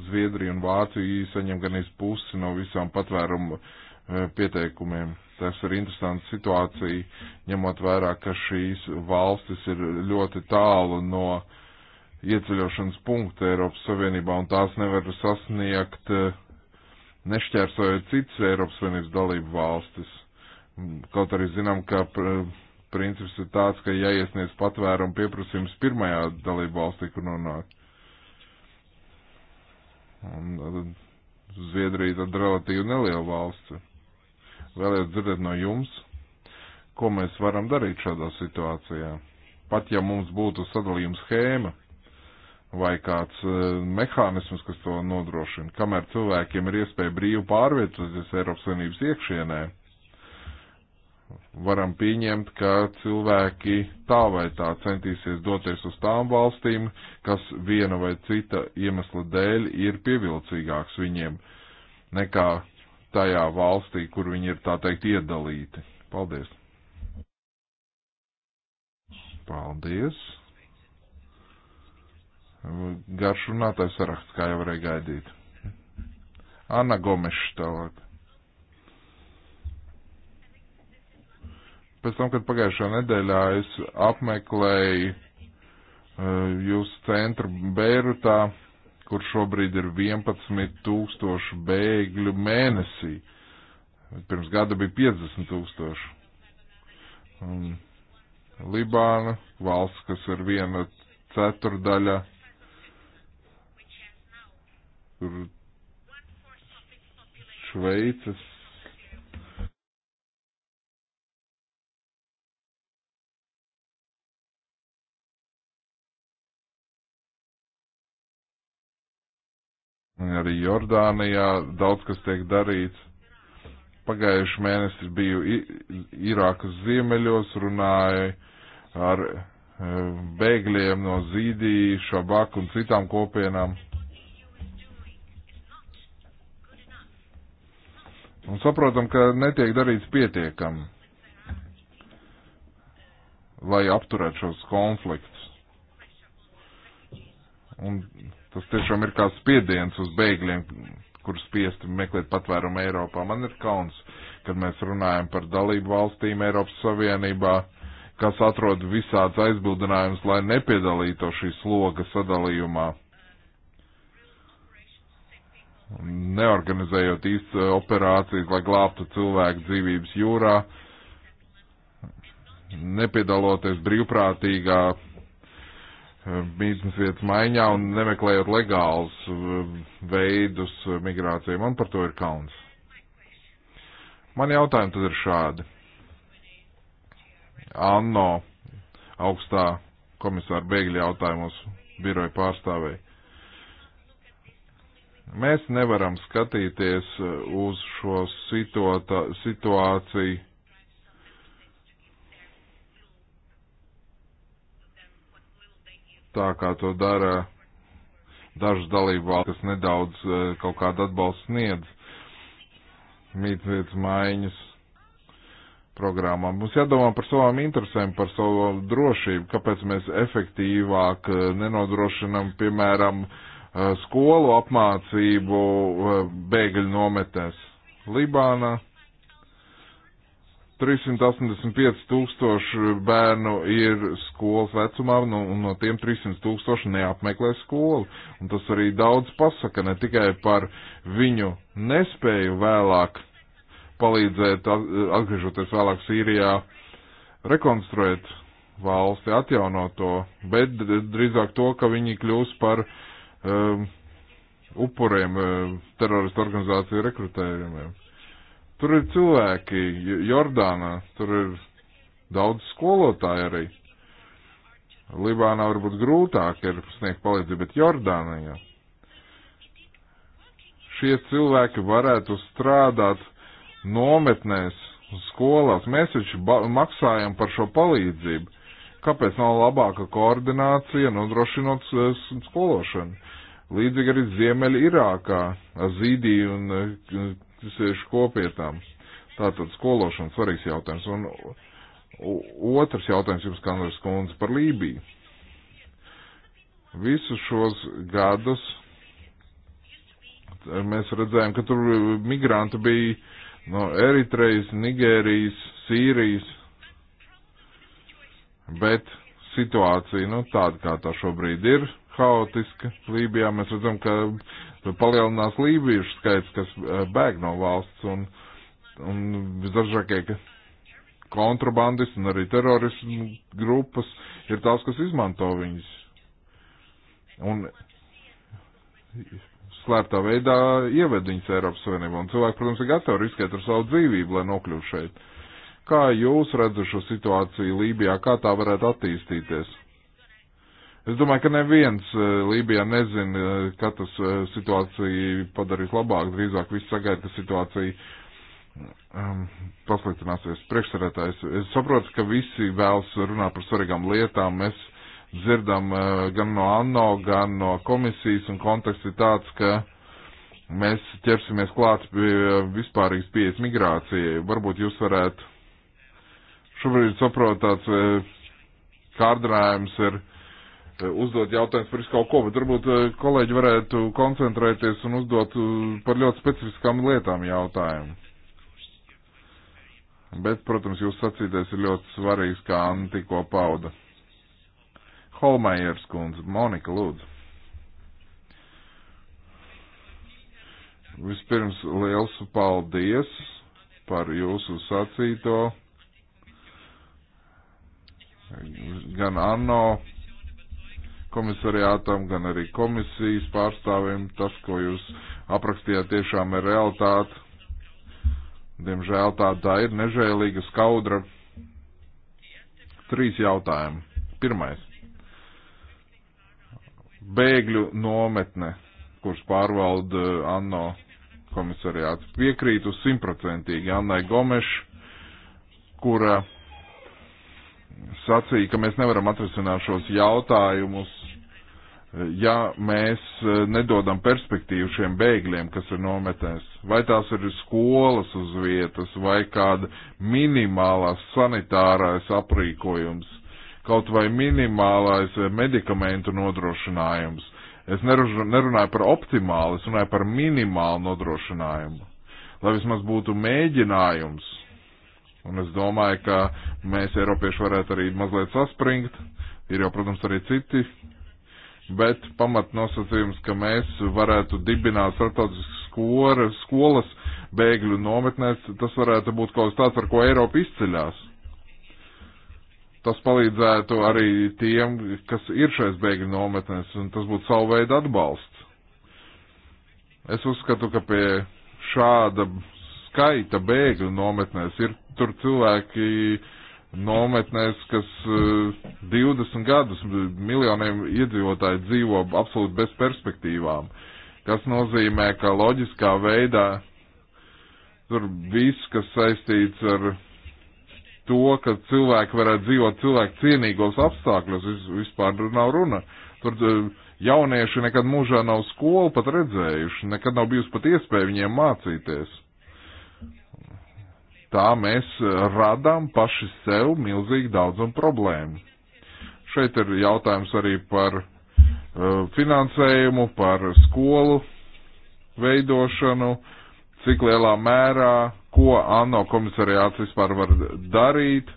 Zviedrija un Vācija saņem gan iz pusi no visām patvērumu eh, pieteikumiem. Tas ir interesants situācija, ņemot vērā, ka šīs valstis ir ļoti tālu no ieceļošanas punkta Eiropas Savienībā, un tās nevar sasniegt, eh, nešķērsojot citas Eiropas Savienības dalību valstis Kaut arī zinām, ka princips ir tāds, ka jāiesniedz ja patvērumu pieprasījums pirmajā dalību valstī, kur nonāk. Un uh, Zviedrija tad relatīvi neliela valsts. Vēlēt dzirdēt no jums, ko mēs varam darīt šādā situācijā. Pat ja mums būtu sadalījuma schēma vai kāds uh, mehānisms, kas to nodrošina, kamēr cilvēkiem ir iespēja brīvi pārvietoties Eiropas Savienības iekšienē, varam pieņemt, ka cilvēki tā vai tā centīsies doties uz tām valstīm, kas viena vai cita iemesla dēļ ir pievilcīgāks viņiem nekā tajā valstī, kur viņi ir tā teikt iedalīti. Paldies! Paldies! Garš runātājs saraksts, kā jau varēja gaidīt. Anna Gomeša tālāk. pēc tam, kad pagājušā nedēļā es apmeklēju uh, jūsu centru Beirutā, kur šobrīd ir 11 tūkstoši bēgļu mēnesī. Pirms gada bija 50 tūkstoši. Um, Libāna, valsts, kas ir viena ceturdaļa, kur Šveices Arī Jordānijā daudz kas tiek darīts. Pagājuši mēnesi biju Irākas ziemeļos, runāju ar e, bēgļiem no Zīdī, Šabak un citām kopienām. Un saprotam, ka netiek darīts pietiekami, lai apturētu šos konfliktus. Un Tas tiešām ir kā spiediens uz bēgļiem, kur spiesti meklēt patvērumu Eiropā. Man ir kauns, kad mēs runājam par dalību valstīm Eiropas Savienībā, kas atrod visāds aizbildinājums, lai nepiedalīto šī sloga sadalījumā. Neorganizējot īstu eh, operācijas, lai glābtu cilvēku dzīvības jūrā, nepiedaloties brīvprātīgā Eh, biznesa vietas maiņā un nemeklējot legālus eh, veidus migrācijai. Man par to ir kauns. Mani jautājumi tad ir šādi. Anno augstā komisāra bēgļa jautājumos biroja pārstāvēja. Mēs nevaram skatīties eh, uz šo situāciju tā kā to dara dažas dalību valstis, kas nedaudz eh, kaut kādu atbalstu sniedz mītnes maiņas programmā. Mums jādomā par savām interesēm, par savu drošību, kāpēc mēs efektīvāk eh, nenodrošinam, piemēram, eh, skolu apmācību bēgļu nometēs Libānā. 385 tūkstoši bērnu ir skolas vecumā, nu, un no tiem 300 tūkstoši neapmeklē skolu. Un tas arī daudz pasaka ne tikai par viņu nespēju vēlāk palīdzēt, atgriežoties vēlāk Sīrijā, rekonstruēt valsti, atjaunot to, bet drīzāk to, ka viņi kļūs par um, upuriem um, teroristu organizāciju rekrutējumiem. Tur ir cilvēki Jordānā, tur ir daudz skolotāju arī. Libānā varbūt grūtāk ir sniegt palīdzību, bet Jordānijā šie cilvēki varētu strādāt nometnēs, skolās. Mēs taču maksājam par šo palīdzību. Kāpēc nav labāka koordinācija nodrošinot skološanu? Līdzīgi arī Ziemeļa Irākā, Zīdī un sieviešu kopietām. Tātad skološana svarīgs jautājums. Un otrs jautājums jums, Kandars Kundze, par Lībiju. Visus šos gadus mēs redzējām, ka tur migranti bija no Eritrejas, Nigērijas, Sīrijas, bet situācija, nu, tāda kā tā šobrīd ir, haotiska. Lībijā mēs redzam, ka palielinās lībiešu skaits, kas eh, bēg no valsts un, un visdažākie kontrabandisti un arī terorismu grupas ir tās, kas izmanto viņus. Un slēptā veidā ieved viņus Eiropas Savienībā. Un cilvēki, protams, ir gatavi riskēt ar savu dzīvību, lai nokļūtu šeit. Kā jūs redzat šo situāciju Lībijā, kā tā varētu attīstīties? Es domāju, ka neviens eh, Lībijā nezina, eh, ka tas eh, situācija padarīs labāk. Drīzāk viss sagaida, ka situācija um, pasliktināsies. Priekšsarētājs, es saprotu, ka visi vēlas runāt par svarīgām lietām. Mēs dzirdam uh, gan no ANO, gan no komisijas, un konteksts ir tāds, ka mēs ķersimies klāt pie vispārīgas pieejas migrācijai. Varbūt jūs varētu šobrīd saprot tāds uh, kārdinājums ir Eh, uzdot jautājumus par visu kaut ko, bet varbūt eh, kolēģi varētu koncentrēties un uzdot eh, par ļoti specifiskām lietām jautājumu. Bet, protams, jūs sacīties ir ļoti svarīgs, kā antiko pauda. Holmējers kundze, Monika Lūdzu. Vispirms liels paldies par jūsu sacīto. Gan Anno komisariātam, gan arī komisijas pārstāvim. Tas, ko jūs aprakstījāt, tiešām ir realitāte. Diemžēl tā tā ir nežēlīga skaudra. Trīs jautājumi. Pirmais. Bēgļu nometne, kuras pārvalda ANO komisariāts. Piekrītu simtprocentīgi Annai Gomeš, kura sacīja, ka mēs nevaram atrisināt šos jautājumus, ja mēs eh, nedodam perspektīvu šiem bēgļiem, kas ir nometēs. Vai tās ir skolas uz vietas, vai kāda minimālā sanitārais aprīkojums, kaut vai minimālais eh, medikamentu nodrošinājums. Es nerunāju par optimālu, es runāju par minimālu nodrošinājumu. Lai vismaz būtu mēģinājums Un es domāju, ka mēs Eiropieši varētu arī mazliet saspringt. Ir jau, protams, arī citi. Bet pamatnosacījums, ka mēs varētu dibināt starptautiskas skolas bēgļu nometnēs, tas varētu būt kaut kas tāds, ar ko Eiropa izceļās. Tas palīdzētu arī tiem, kas ir šais bēgļu nometnēs, un tas būtu savu veidu atbalsts. Es uzskatu, ka pie šāda skaita bēgļu nometnēs ir tur cilvēki nometnēs, kas 20 eh, gadus miljoniem iedzīvotāji dzīvo absolūti bez perspektīvām, kas nozīmē, ka loģiskā veidā tur viss, kas saistīts ar to, ka cilvēki varētu dzīvot cilvēku cienīgos apstākļos, vispār nav runa. Tur eh, jaunieši nekad mūžā nav skolu pat redzējuši, nekad nav bijusi pat iespēja viņiem mācīties. Tā mēs e, radām paši sev milzīgi daudzumu problēmu. Šeit ir jautājums arī par uh, finansējumu, par skolu veidošanu, cik lielā mērā, ko ANO komisariāts vispār var darīt,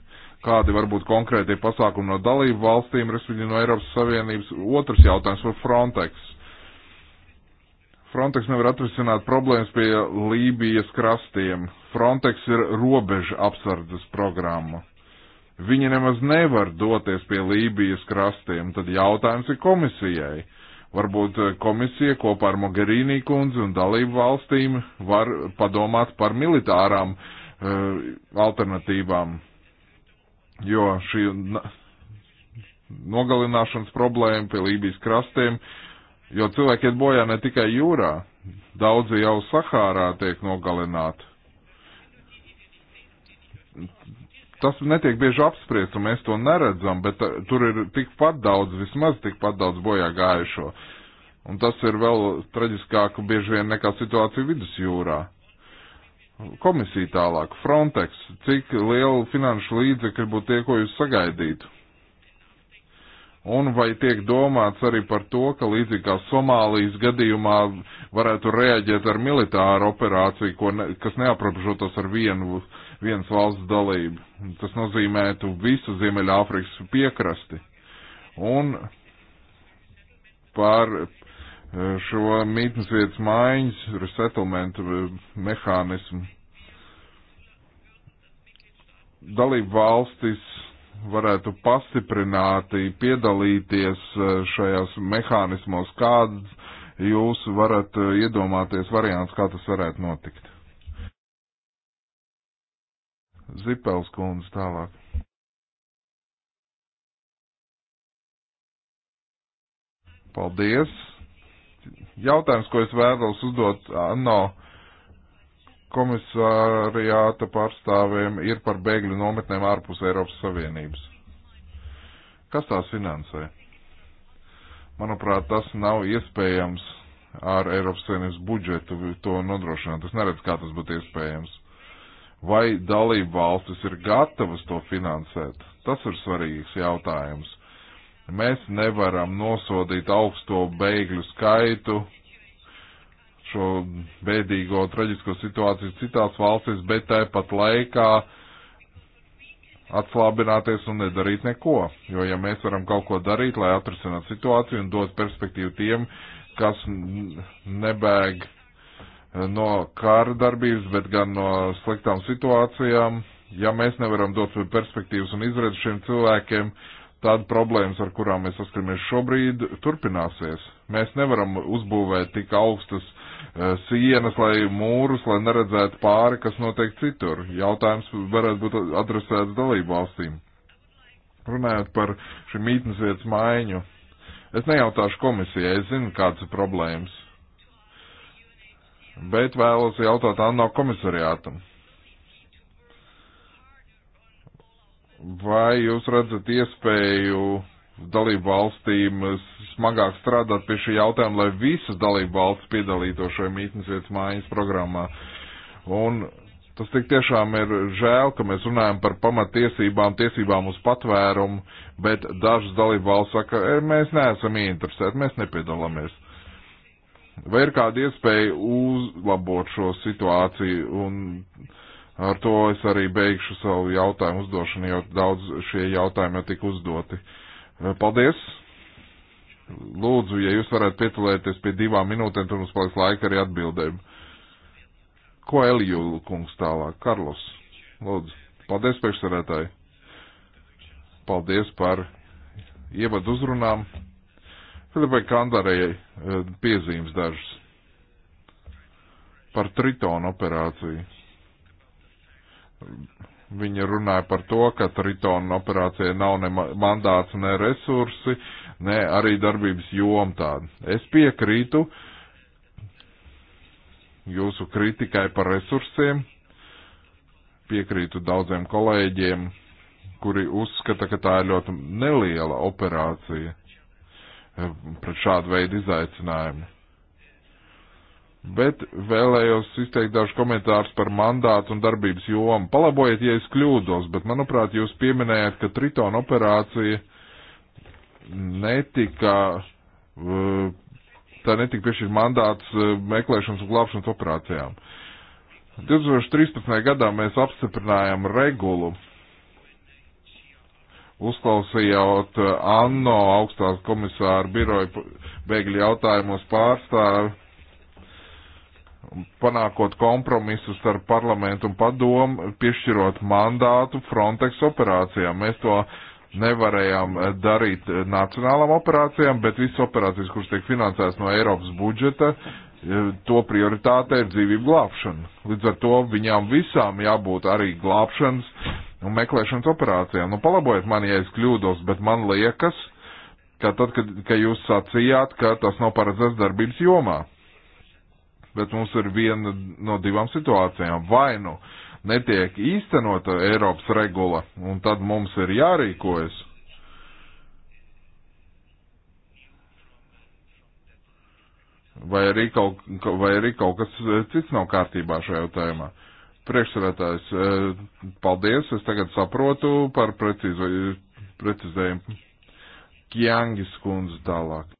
kādi var būt konkrētie pasākumi no dalību valstīm, respektīvi no Eiropas Savienības. Otrs jautājums par Frontex Frontex nevar atrisināt problēmas pie Lībijas krastiem. Frontex ir robeža apsardzes programma. Viņi nemaz nevar doties pie Lībijas krastiem, tad jautājums ir komisijai. Varbūt eh, komisija kopā ar Mogherīnī kundzi un dalību valstīm var padomāt par militārām uh, alternatīvām, jo šī nogalināšanas problēma pie Lībijas krastiem uh, Jo cilvēki iet bojā ne tikai jūrā, daudzi jau Sahārā tiek nogalināti. Tas netiek bieži apspriests, un mēs to neredzam, bet eh, tur ir tikpat daudz, vismaz tikpat daudz bojā gājušo. Un tas ir vēl traģiskāk bieži vien nekā situācija vidusjūrā. Komisija tālāk, Frontex, cik lielu finanšu līdzekļu būtu tie, ko jūs sagaidītu? Un vai tiek domāts arī par to, ka līdzīgi kā Somālijas gadījumā varētu reaģēt ar militāru operāciju, ko ne, kas neaprobežotos ar vienu, vienas valsts dalību? Tas nozīmētu visu Ziemeļāfrikas piekrasti. Un par e, šo mītnes vietas maiņas, resettlement e, mehānismu. Dalību valstis varētu pastiprināti piedalīties e, šajās mehānismos, kāds jūs varat e, iedomāties variants, kā tas varētu notikt. Zipels kundze tālāk. Paldies. Jautājums, ko es vēlos uzdot, no. Uh, komisariāta pārstāvēm ir par bēgļu nometnēm ārpus Eiropas Savienības. Kas tās finansē? Manuprāt, tas nav iespējams ar Eiropas Savienības budžetu to nodrošināt. Es neredzu, kā tas būtu iespējams. Vai dalību valstis ir gatavas to finansēt? Tas ir svarīgs jautājums. Mēs nevaram nosodīt augsto bēgļu skaitu šo bēdīgo traģisko situāciju citās valstīs, bet tāpat laikā atslābināties un nedarīt neko. Jo, ja mēs varam kaut ko darīt, lai atrisinātu situāciju un dot perspektīvu tiem, kas nebēg no kāra darbības, bet gan no sliktām situācijām, ja mēs nevaram dot perspektīvas un izredzu šiem cilvēkiem, tad problēmas, ar kurām mēs saskaramies šobrīd, turpināsies. Mēs nevaram uzbūvēt tik augstas uh, Eh, sienas, lai mūrus, lai neredzētu pāri, kas notiek citur. Jautājums varētu būt adresēts dalību valstīm. Runājot par šī mītnes vietas maiņu, es nejautāšu komisijai, es zinu, kādas ir problēmas. Bet vēlos jautāt Anno komisariātam. Vai jūs redzat iespēju dalību valstīm smagāk strādāt pie šī jautājuma, lai visas dalību valsts piedalītos šajā mītnes vietas mājas programmā. Un tas tik tiešām ir žēl, ka mēs runājam par pamatiesībām, tiesībām uz patvērumu, bet dažas dalību valsts saka, e, mēs neesam interesēti, mēs nepiedalāmies. Vai ir kāda iespēja uzlabot šo situāciju un ar to es arī beigšu savu jautājumu uzdošanu, jo daudz šie jautājumi jau tika uzdoti. Uh, Eh, paldies! Lūdzu, ja jūs varētu pietulēties pie divām minūtēm, tad mums paliks laika arī atbildēm. Ko Eliju kungs tālāk? Karlos, lūdzu. Paldies, priekšsarētāji. Paldies par ievadu uzrunām. Filipai Kandarējai eh, piezīmes dažas par tritonu operāciju. Viņa runāja par to, ka Tritona operācijai nav ne mandāts, ne resursi, ne arī darbības joma tāda. Es piekrītu jūsu kritikai par resursiem, piekrītu daudziem kolēģiem, kuri uzskata, ka tā ir ļoti neliela operācija eh, pret šādu veidu izaicinājumu bet vēlējos izteikt dažus komentārus par mandātu un darbības jomu. Palabojiet, ja es kļūdos, bet manuprāt, jūs pieminējat, ka Tritona operācija netika, eh, tā netika piešķirt mandāts eh, meklēšanas un glābšanas operācijām. 2013. gadā mēs apstiprinājām regulu, uzklausījot eh, ANO augstās komisāra biroja bēgļu jautājumos pārstāvi panākot kompromisu starp parlamentu un padomu, piešķirot mandātu Frontex operācijām. Mēs to nevarējām eh, darīt eh, nacionālām operācijām, bet visas operācijas, kuras tiek finansētas no Eiropas budžeta, eh, to prioritāte ir dzīvību glābšana. Līdz ar to viņām visām jābūt arī glābšanas un meklēšanas operācijām. Nu, palabojiet mani, ja es kļūdos, bet man liekas, ka tad, kad ka jūs sacījāt, ka tas nav paredzēts darbības jomā bet mums ir viena no divām situācijām. Vai nu netiek īstenota Eiropas regula, un tad mums ir jārīkojas. Vai arī, kaut, vai arī kaut kas eh, cits nav kārtībā šajā jautājumā? Priekšsarētājs, eh, paldies, es tagad saprotu par precīzu, precizējumu. Kjangis kundze tālāk.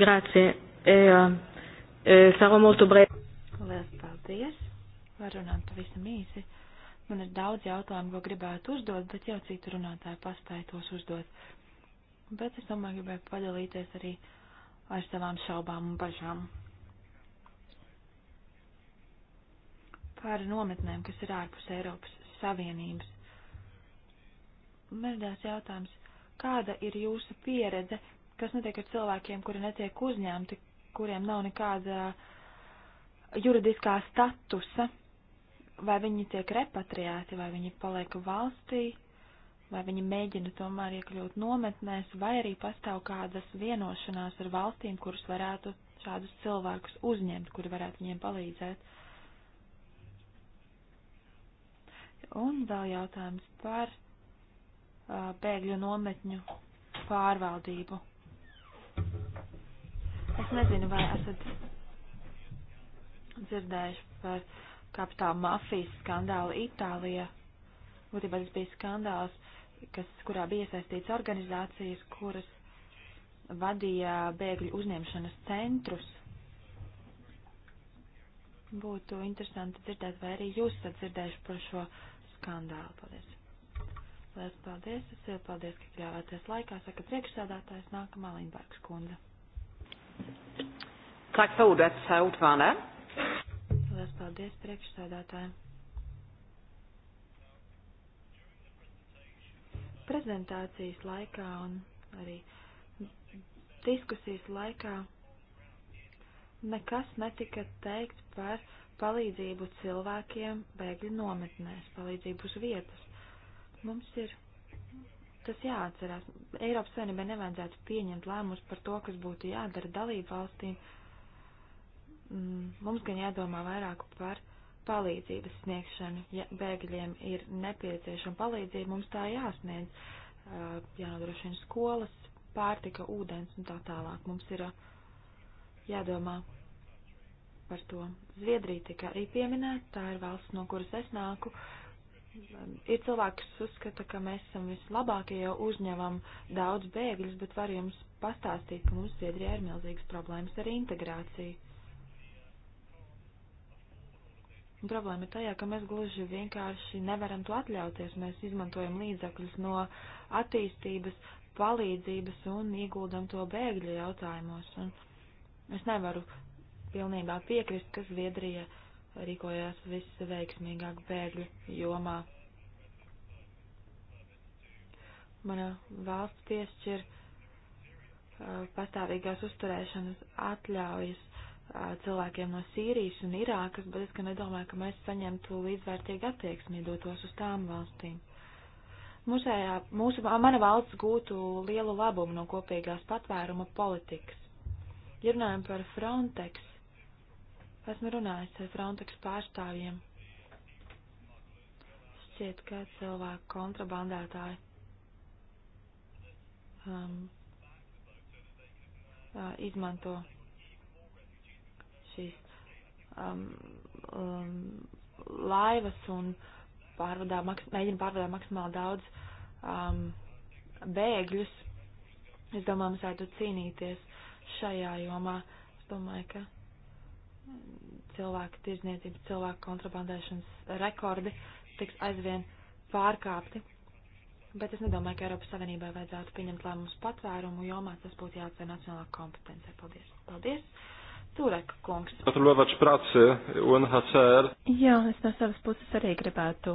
Grazie. E, uh... E, sarò molto breve. Lielas paldies. Var runāt pavisam īsi. Man ir daudz jautājumu, ko gribētu uzdot, bet jau citu runātāju paspēju tos uzdot. Bet es domāju, gribēju padalīties arī ar savām šaubām un bažām. Par nometnēm, kas ir ārpus Eiropas Savienības. Man ir daudz jautājums, kāda ir jūsu pieredze, kas notiek ar cilvēkiem, kuri netiek uzņemti, kuriem nav nekāda juridiskā statusa, vai viņi tiek repatriēti, vai viņi paliek valstī, vai viņi mēģina tomēr iekļūt nometnēs, vai arī pastāv kādas vienošanās ar valstīm, kuras varētu šādus cilvēkus uzņemt, kuri varētu viņiem palīdzēt. Un vēl jautājums par uh, bēgļu nometņu pārvaldību. Es nezinu, vai esat dzirdējuši par kapitāla mafijas skandālu Itālijā. Būtībā tas bija skandāls, kas, kurā bija iesaistīts organizācijas, kuras vadīja bēgļu uzņemšanas centrus. Būtu interesanti dzirdēt, vai arī jūs esat dzirdējuši par šo skandālu. Paldies! Lielas paldies! Es paldies, ka kļāvāties laikā, saka priekšsādātājs nākamā Lindbergs kundze. Tack för ordet, herr ordförande. Lielas paldies priekšstādātājiem. Prezentācijas laikā un arī diskusijas laikā nekas netika teikt par palīdzību cilvēkiem bēgļu nometnēs, palīdzību uz vietas. Mums ir Tas jāatcerās. Eiropas Savienībai nevajadzētu pieņemt lēmumus par to, kas būtu jādara dalību valstīm. Mm, mums gan jādomā vairāk par palīdzības sniegšanu. Ja bēgļiem ir nepieciešama palīdzība, mums tā jāsniedz, uh, jānodrošina skolas, pārtika, ūdens un tā tālāk. Mums ir uh, jādomā par to. Zviedrija tika arī pieminēta, tā ir valsts, no kuras es nāku. Uh, Ir cilvēki, kas uzskata, ka mēs esam vislabākie, jo uzņemam daudz bēgļus, bet var jums pastāstīt, ka mums Zviedrijā ir milzīgas problēmas ar integrāciju. Problēma ir tajā, ka mēs gluži vienkārši nevaram to atļauties. Mēs izmantojam līdzekļus no attīstības, palīdzības un ieguldam to bēgļu jautājumos. Un es nevaru pilnībā piekrist, ka Zviedrija uh, rīkojās visveiksmīgāk bēgļu jomā. Mana valsts piešķir uh, pastāvīgās uzturēšanas atļaujas uh, cilvēkiem no Sīrijas un Irākas, bet es gan nedomāju, ka mēs saņemtu līdzvērtīgu attieksmi dotos uz tām valstīm. Mūsējā, mūsu, mana valsts gūtu lielu labumu no kopīgās patvēruma politikas. Ja runājam par Frontex, Esmu runājis ar Frontex pārstāvjiem. Šķiet, ka cilvēku kontrabandētāji um, uh, izmanto šīs um, um, laivas un pārvadā, mēģina pārvadāt maksimāli daudz um, bēgļus. Es domāju, mums vajadzētu cīnīties šajā jomā. Es domāju, ka cilvēku tirzniecības, cilvēku kontrabandēšanas rekordi tiks aizvien pārkāpti. Bet es nedomāju, ka Eiropas Savienībai vajadzētu pieņemt lēmumus patvērumu jomā, tas būtu jāatsver nacionālā kompetencija. Paldies! Paldies! Tureka kungs. Jā, es no savas puses arī gribētu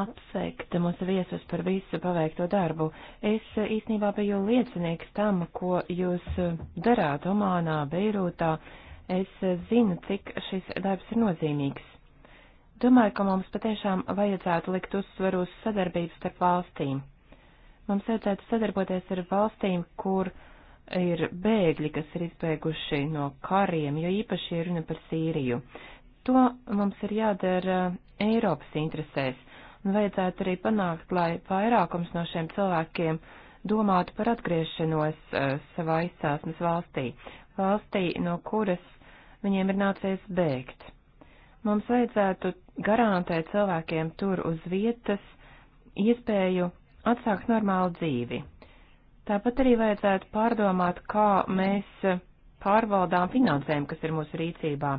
apsveikt mūsu viesus par visu paveikto darbu. Es īstenībā biju liecinieks tam, ko jūs darāt Omānā, Beirūtā. Uh, Es zinu, cik šis darbs ir nozīmīgs. Domāju, ka mums patiešām vajadzētu likt uzsveru uz sadarbību starp valstīm. Mums vajadzētu sadarboties ar valstīm, kur ir bēgļi, kas ir izbēguši no kariem, jo īpaši ir runa par Sīriju. To mums ir jādara Eiropas interesēs, un vajadzētu arī panākt, lai vairākums no šiem cilvēkiem domātu par atgriešanos uh, savā izcelsmes valstī valstī, no kuras viņiem ir nācies bēgt. Mums vajadzētu garantēt cilvēkiem tur uz vietas iespēju atsākt normālu dzīvi. Tāpat arī vajadzētu pārdomāt, kā mēs pārvaldām finansēm, kas ir mūsu rīcībā.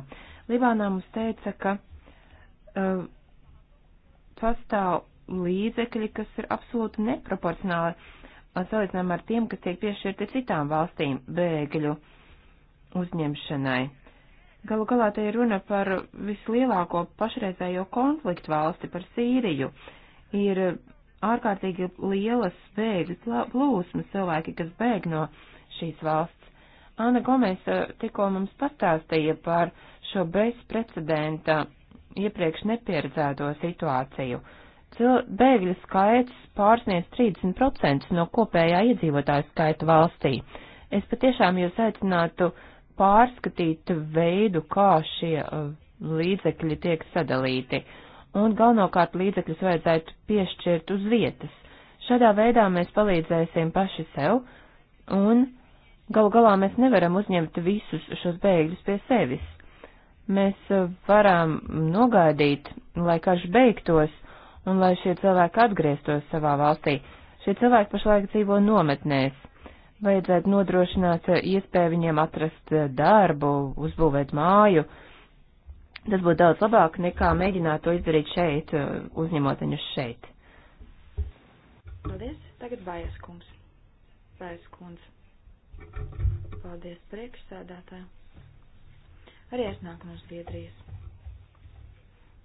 Libānā mums teica, ka uh, pastāv līdzekļi, kas ir absolūti neproporcionāli salīdzinām ar tiem, kas tiek piešķirti citām valstīm bēgļu uzņemšanai. Galu galā te ir runa par vislielāko pašreizējo konfliktu valsti, par Sīriju. Ir ārkārtīgi lielas bēgļu plūsmas cilvēki, kas bēg no šīs valsts. Ana Gomes uh, tikko mums pastāstīja par šo bezprecedenta iepriekš nepieredzēto situāciju. Cil bēgļu skaits pārsniedz 30% no kopējā iedzīvotāju skaita valstī. Es patiešām jūs aicinātu uh, pārskatīt veidu, kā šie uh, līdzekļi tiek sadalīti, un galvenokārt līdzekļus vajadzētu piešķirt uz vietas. Šādā veidā mēs palīdzēsim paši sev, un galu galā mēs nevaram uzņemt visus šos bēgļus pie sevis. Mēs uh, varam nogaidīt, lai karš beigtos, un lai šie cilvēki atgrieztos savā valstī. Šie cilvēki pašlaik dzīvo nometnēs vajadzētu nodrošināt iespēju viņiem atrast eh, darbu, uzbūvēt māju. Tas būtu daudz labāk nekā mēģināt to izdarīt šeit, eh, uzņemot viņus šeit. Paldies. Tagad Vajas kungs. Vajas kundz. Paldies priekšsādātājai. Arī es nāku no Zviedrijas.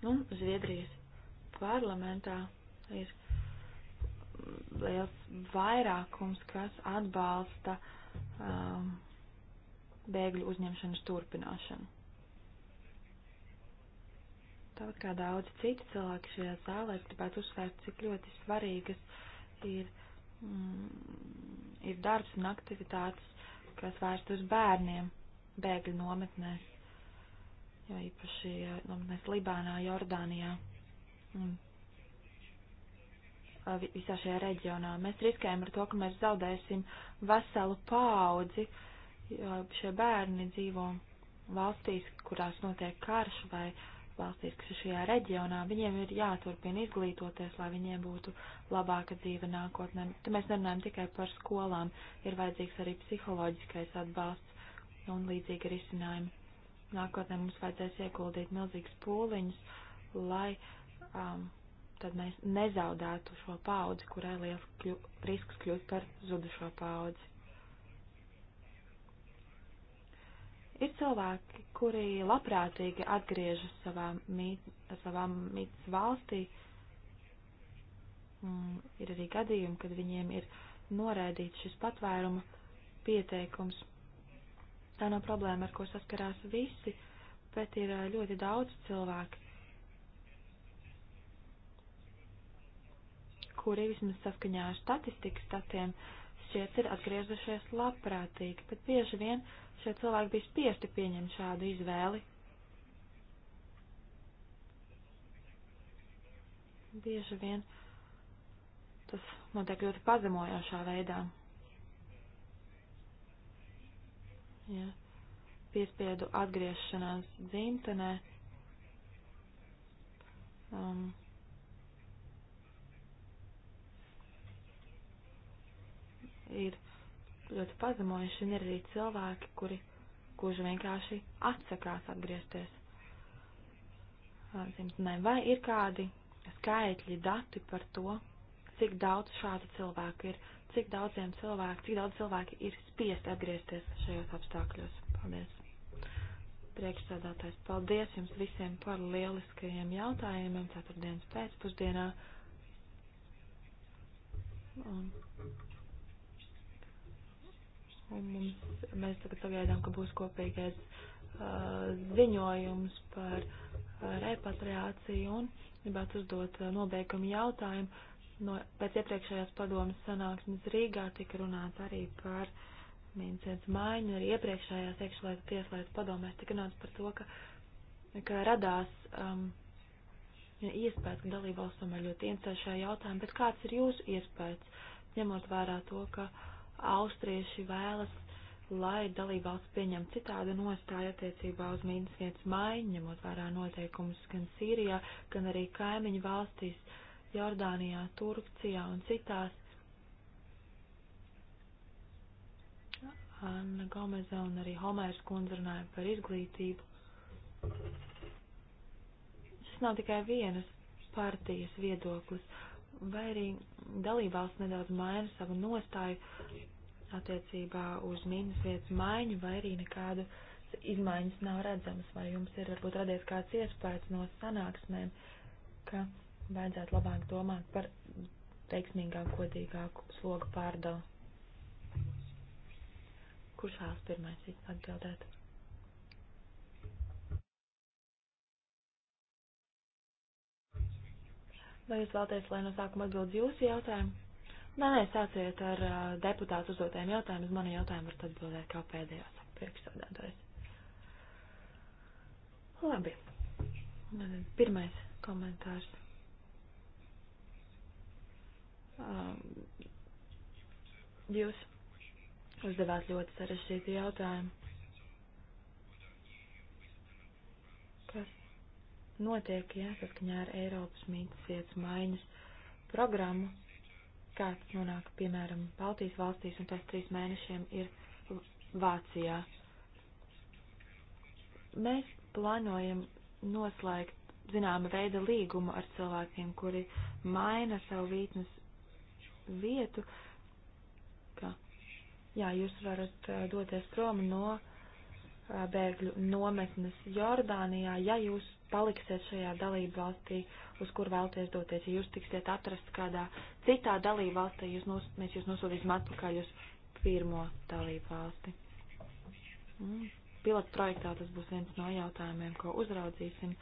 Un nu, Zviedrijas parlamentā es liels vairākums, kas atbalsta um, bēgļu uzņemšanas turpināšanu. Tāpat kā daudzi citi cilvēki šajā zālē, es gribētu uzsvērt, cik ļoti svarīgas ir, mm, ir darbs un aktivitātes, kas vērst uz bērniem bēgļu nometnēs, jo īpaši uh, nometnēs Libānā, Jordānijā un Uh, visā šajā reģionā. Mēs riskējam ar to, ka mēs zaudēsim veselu paudzi, jo šie bērni dzīvo valstīs, kurās notiek karš vai valstīs, kas ir šajā reģionā. Viņiem ir jāturpina izglītoties, lai viņiem būtu labāka dzīve nākotnē. Te mēs nerunājam tikai par skolām, ir vajadzīgs arī psiholoģiskais atbalsts un līdzīgi risinājumi. Nākotnē mums vajadzēs ieguldīt milzīgas pūliņas, lai um, tad mēs nezaudētu šo paudzi, kurai liels kļu, risks kļūt par zudušo paudzi. Ir cilvēki, kuri labprātīgi atgriežas savā, mīt, savā mītnes valstī. Mm, ir arī gadījumi, kad viņiem ir noraidīts šis patvēruma pieteikums. Tā nav no problēma, ar ko saskarās visi, bet ir ļoti daudz cilvēku, kuri vismaz saskaņā ar statistikas datiem šķiet ir atgriezušies labprātīgi, bet bieži vien šie cilvēki bija spiesti pieņemt šādu izvēli. Bieži vien tas notiek ļoti pazemojošā veidā. Ja piespiedu atgriešanās dzimtenē um, ir ļoti pazemojuši, un ir arī cilvēki, kuri kuži vienkārši atsakās atgriezties dzimtenē. Vai ir kādi skaitļi, dati par to, cik daudz šādu cilvēku ir, cik daudziem cilvēku, cik daudz cilvēki ir spiest atgriezties šajos apstākļos? Paldies! Priekšsēdātājs, paldies jums visiem par lieliskajiem jautājumiem ceturtdienas pēcpusdienā. Un Un mums, mēs tagad sagaidām, ka būs kopīgais uh, ziņojums par uh, repatriāciju un gribētu uzdot uh, nobeigumu jautājumu. No, pēc iepriekšējās padomas sanāksmes Rīgā tika runāts arī par mīncēns maiņu, arī iepriekšējās iekšlietu tieslietu padomēs tika runāts par to, ka, ka radās um, iespējas, ka dalībvalstum ir ļoti interesē šajā jautājumā, bet kāds ir jūsu iespējas, ņemot vērā to, ka uh, austrieši vēlas, lai dalībvalsts pieņem citādu nostāju attiecībā uz mīnas vietas maiņu, ņemot vērā noteikumus gan Sīrijā, gan arī kaimiņu valstīs, Jordānijā, Turcijā un citās. Anna Gomeza un arī Homērs kundze runāja par izglītību. Šis nav tikai vienas partijas viedoklis vai arī dalībvalsts nedaudz maina savu nostāju attiecībā uz mītnes vietas maiņu, vai arī nekādu izmaiņas nav redzamas, vai jums ir varbūt radies kāds iespējas no sanāksmēm, ka vajadzētu labāk domāt par teiksmīgāku, godīgāku slogu pārdalu. Kurš vēlas pirmais atbildēt? Vai jūs vēlaties, lai no sākuma atbild jūsu jautājumu? Nē, nē, sāciet ar uh, deputātu uzdotajiem jautājumiem. Uz manu jautājumu varat atbildēt kā pēdējās priekšsādātājs. Labi. Pirmais komentārs. Um, jūs uzdevāt ļoti sarežģītu jautājumu. notiek, ja saskaņā ar Eiropas mītnes maiņas programmu, kāds nonāk, piemēram, Baltijas valstīs un pēc trīs mēnešiem ir Vācijā. Mēs plānojam noslēgt zināma veida līgumu ar cilvēkiem, kuri maina savu vītnes vietu, ka, jā, jūs varat doties prom no bēgļu nometnes Jordānijā, ja jūs paliksiet šajā dalību valstī, uz kur vēlties doties. Ja jūs tiksiet atrast kādā citā dalību valstī, jūs nos, mēs jūs nosūtīsim atpakaļ uz pirmo dalību valsti. Mm. Pilotu projektā tas būs viens no jautājumiem, ko uzraudzīsim.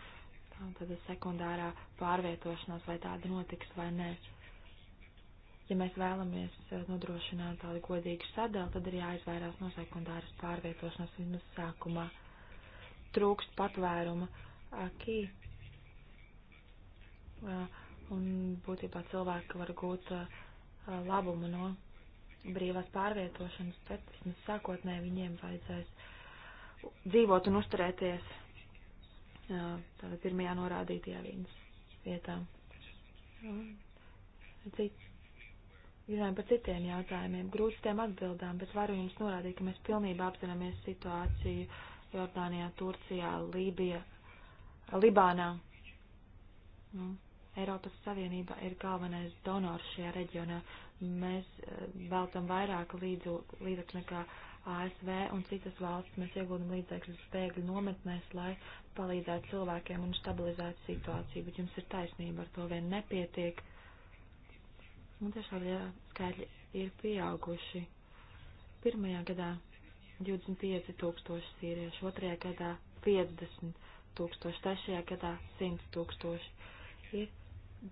Tāda sekundārā pārvietošanās, vai tāda notiks vai nē. Ja mēs vēlamies eh, nodrošināt tādu godīgu sadali, tad ir jāizvairās no sekundāras pārvietošanās vismaz sākumā. Trūkst patvēruma uh, akī. Un būtībā cilvēki var gūt labumu no brīvās pārvietošanas, bet vismaz sākotnēji viņiem vajadzēs dzīvot un uzturēties tādā pirmajā norādītajā viņas vietā. Runājot par citiem jautājumiem, grūtiem atbildām, bet varu jums norādīt, ka mēs pilnībā apzināmies situāciju Jordānijā, Turcijā, Lībijā, Libānā. Nu, Eiropas Savienība ir galvenais donors šajā reģionā. Mēs eh, veltam vairāk līdzekļu nekā ASV un citas valsts. Mēs ieguldam līdzekļus bēgļu nometnēs, lai palīdzētu cilvēkiem un stabilizētu situāciju, bet jums ir taisnība, ar to vien nepietiek. Un tiešām jā, skaitļi ir pieauguši. Pirmajā gadā 25 tūkstoši sīriešu, otrajā gadā 50 tūkstoši tūkstoši, trešajā gadā 100 tūkstoši. Ir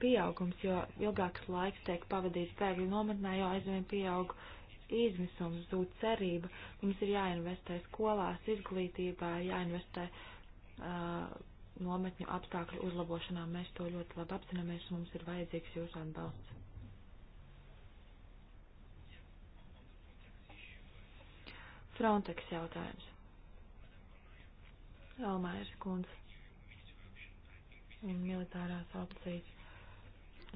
pieaugums, jo ilgāks laiks tiek pavadīts bēgļu nometnē, jo aizvien pieaug izmisums, zūd cerība. Mums ir jāinvestē skolās, izglītībā, jāinvestē uh, nometņu apstākļu uzlabošanā. Mēs to ļoti labi apzināmies, mums ir vajadzīgs jūsu atbalsts. Frontex jautājums. Almairas kundze un militārās opcijas.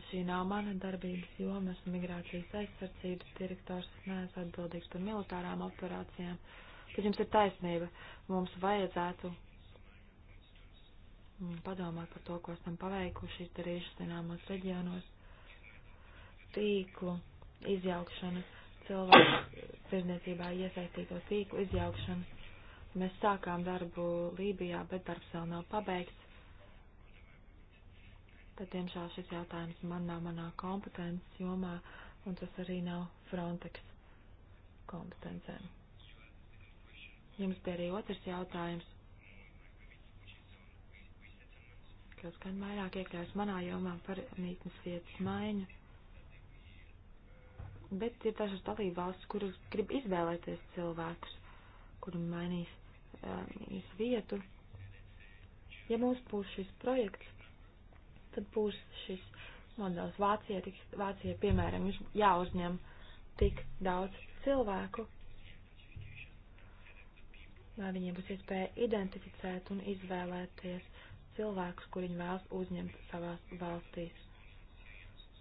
Šī nav mana darbības joma, esmu migrācijas aizsardzības direktors, es neesmu atbildīgs par militārām operācijām. Bet jums ir taisnība, mums vajadzētu padomāt par to, ko esam paveikuši, izdarījuši zināmos reģionos, tīklu izjaukšanu, cilvēku tirdzniecībā iesaistīto tīklu izjaukšanu Mēs sākām darbu Lībijā, bet darbs vēl nav pabeigts. Tad, diemžēl, šis jautājums man nav manā kompetences jomā, un tas arī nav Frontex kompetencēm. Jums bija arī otrs jautājums, kas gan vairāk iekļaujas manā jomā par mītnes vietas maiņu bet ir dažas dalībvalstis, kuras grib izvēlēties cilvēkus, kuri mainīs uz um, vietu. Ja mums būs šis projekts, tad būs šis modelis. Vācija, tiks, Vācija piemēram, ir jāuzņem tik daudz cilvēku, lai viņiem būs iespēja identificēt un izvēlēties cilvēkus, kur viņi vēlas uzņemt savās valstīs.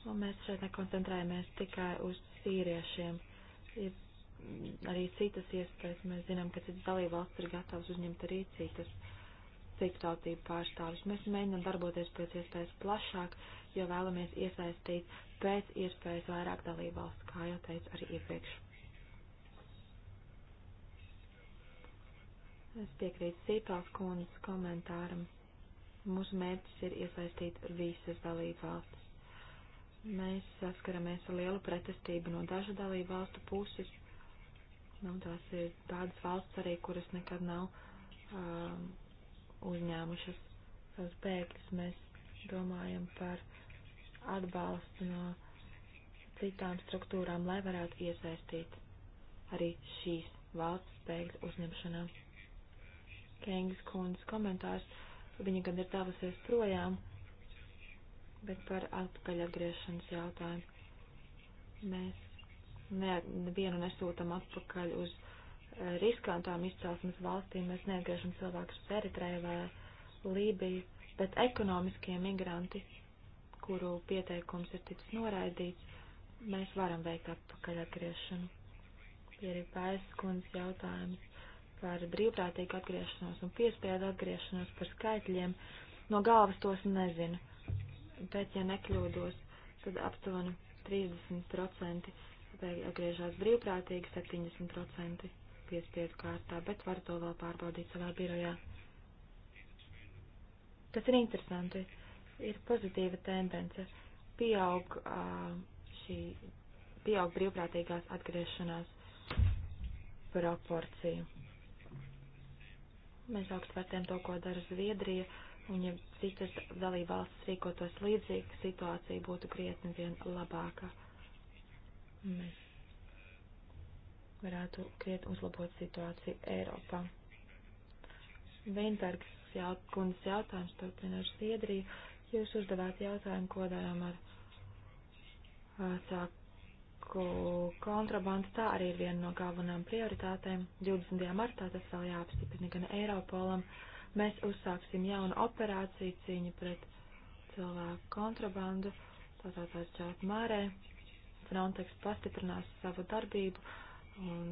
Un mēs šeit nekoncentrējamies tikai uz sīriešiem. Ir Mm, arī citas iespējas. Mēs zinām, ka citas dalībvalsts ir gatavas uzņemt arī citas citu tautību pārstāvis. Mēs mēģinām darboties pēc iespējas plašāk, jo vēlamies iesaistīt pēc iespējas vairāk dalībvalstu, kā jau teicu arī iepriekš. Es piekrītu Sīpāls kundzes komentāram. Mūsu mērķis ir iesaistīt visas dalībvalstis. Mēs saskaramies ar lielu pretestību no dažu dalībvalstu puses Nu, tās ir tādas valsts arī, kuras nekad nav um, uzņēmušas savus bēgļus. Mēs domājam par atbalstu no citām struktūrām, lai varētu iesaistīt arī šīs valsts bēgļu uzņemšanā. Kengas kundas komentārs, viņa gan ir devusies projām, bet par atpakaļ atgriešanas jautājumu. Mēs ne, nevienu nesūtam atpakaļ uz eh, riskantām izcelsmes valstīm, mēs neatgriežam cilvēkus uz Eritreju vai Lībiju, bet ekonomiskie migranti, kuru pieteikums ir ticis noraidīts, mēs varam veikt atpakaļ atgriešanu. Ir arī pēskundas jautājums par brīvprātīgu atgriešanos un piespiedu atgriešanos par skaitļiem. No galvas tos nezinu, bet, ja nekļūdos, tad aptuveni 30% griežās brīvprātīgi 70% piespiedu kārtā, bet var to vēl pārbaudīt savā birojā. Tas ir interesanti. Ir pozitīva tendence. Pieaug šī, pieaug brīvprātīgās atgriešanās proporcija. Mēs augstu vērtējam to, ko dara Zviedrija, un ja citas dalībvalstis rīkotos līdzīgi, situācija būtu krietni vien labāka mēs varētu krietni uzlabot situāciju Eiropā. Veinbergs jau, kundas jautājums turpina ar Zviedriju. Jūs uzdevāt jautājumu, ko darām ar sāku kontrabandu. Tā arī ir viena no galvenām prioritātēm. 20. martā tas vēl jāapstiprina gan Eiropolam. Mēs uzsāksim jaunu operāciju cīņu pret cilvēku kontrabandu. Tātad tā, tā, tā, tā, tā, tā, tā, tā, tā, Frontex pastiprinās savu darbību un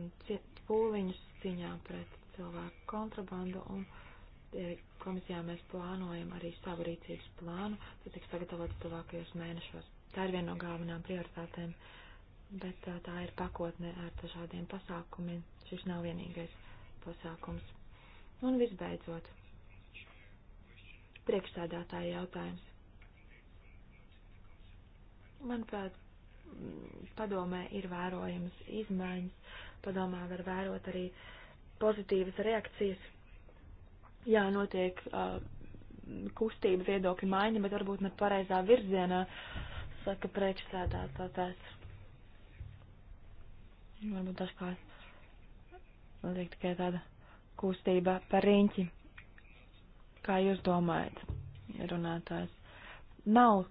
pūliņus ciņā pret cilvēku kontrabandu un e, komisijā mēs plānojam arī savu rīcības plānu, tas tiks sagatavots tuvākajos mēnešos. Tā ir viena no galvenām prioritātēm, bet e, tā ir pakotne ar dažādiem pasākumiem. Šis nav vienīgais pasākums. Un visbeidzot, priekšsēdētāja jautājums. Manuprāt, padomē ir vērojamas izmaiņas, padomā var vērot arī pozitīvas reakcijas. Jā, notiek uh, kustība viedokļu maiņa, bet varbūt ne pareizā virzienā, saka priekšsēdētājs. Varbūt dažkārt liek tikai tāda kustība par riņķi. Kā jūs domājat, runātājs? Nav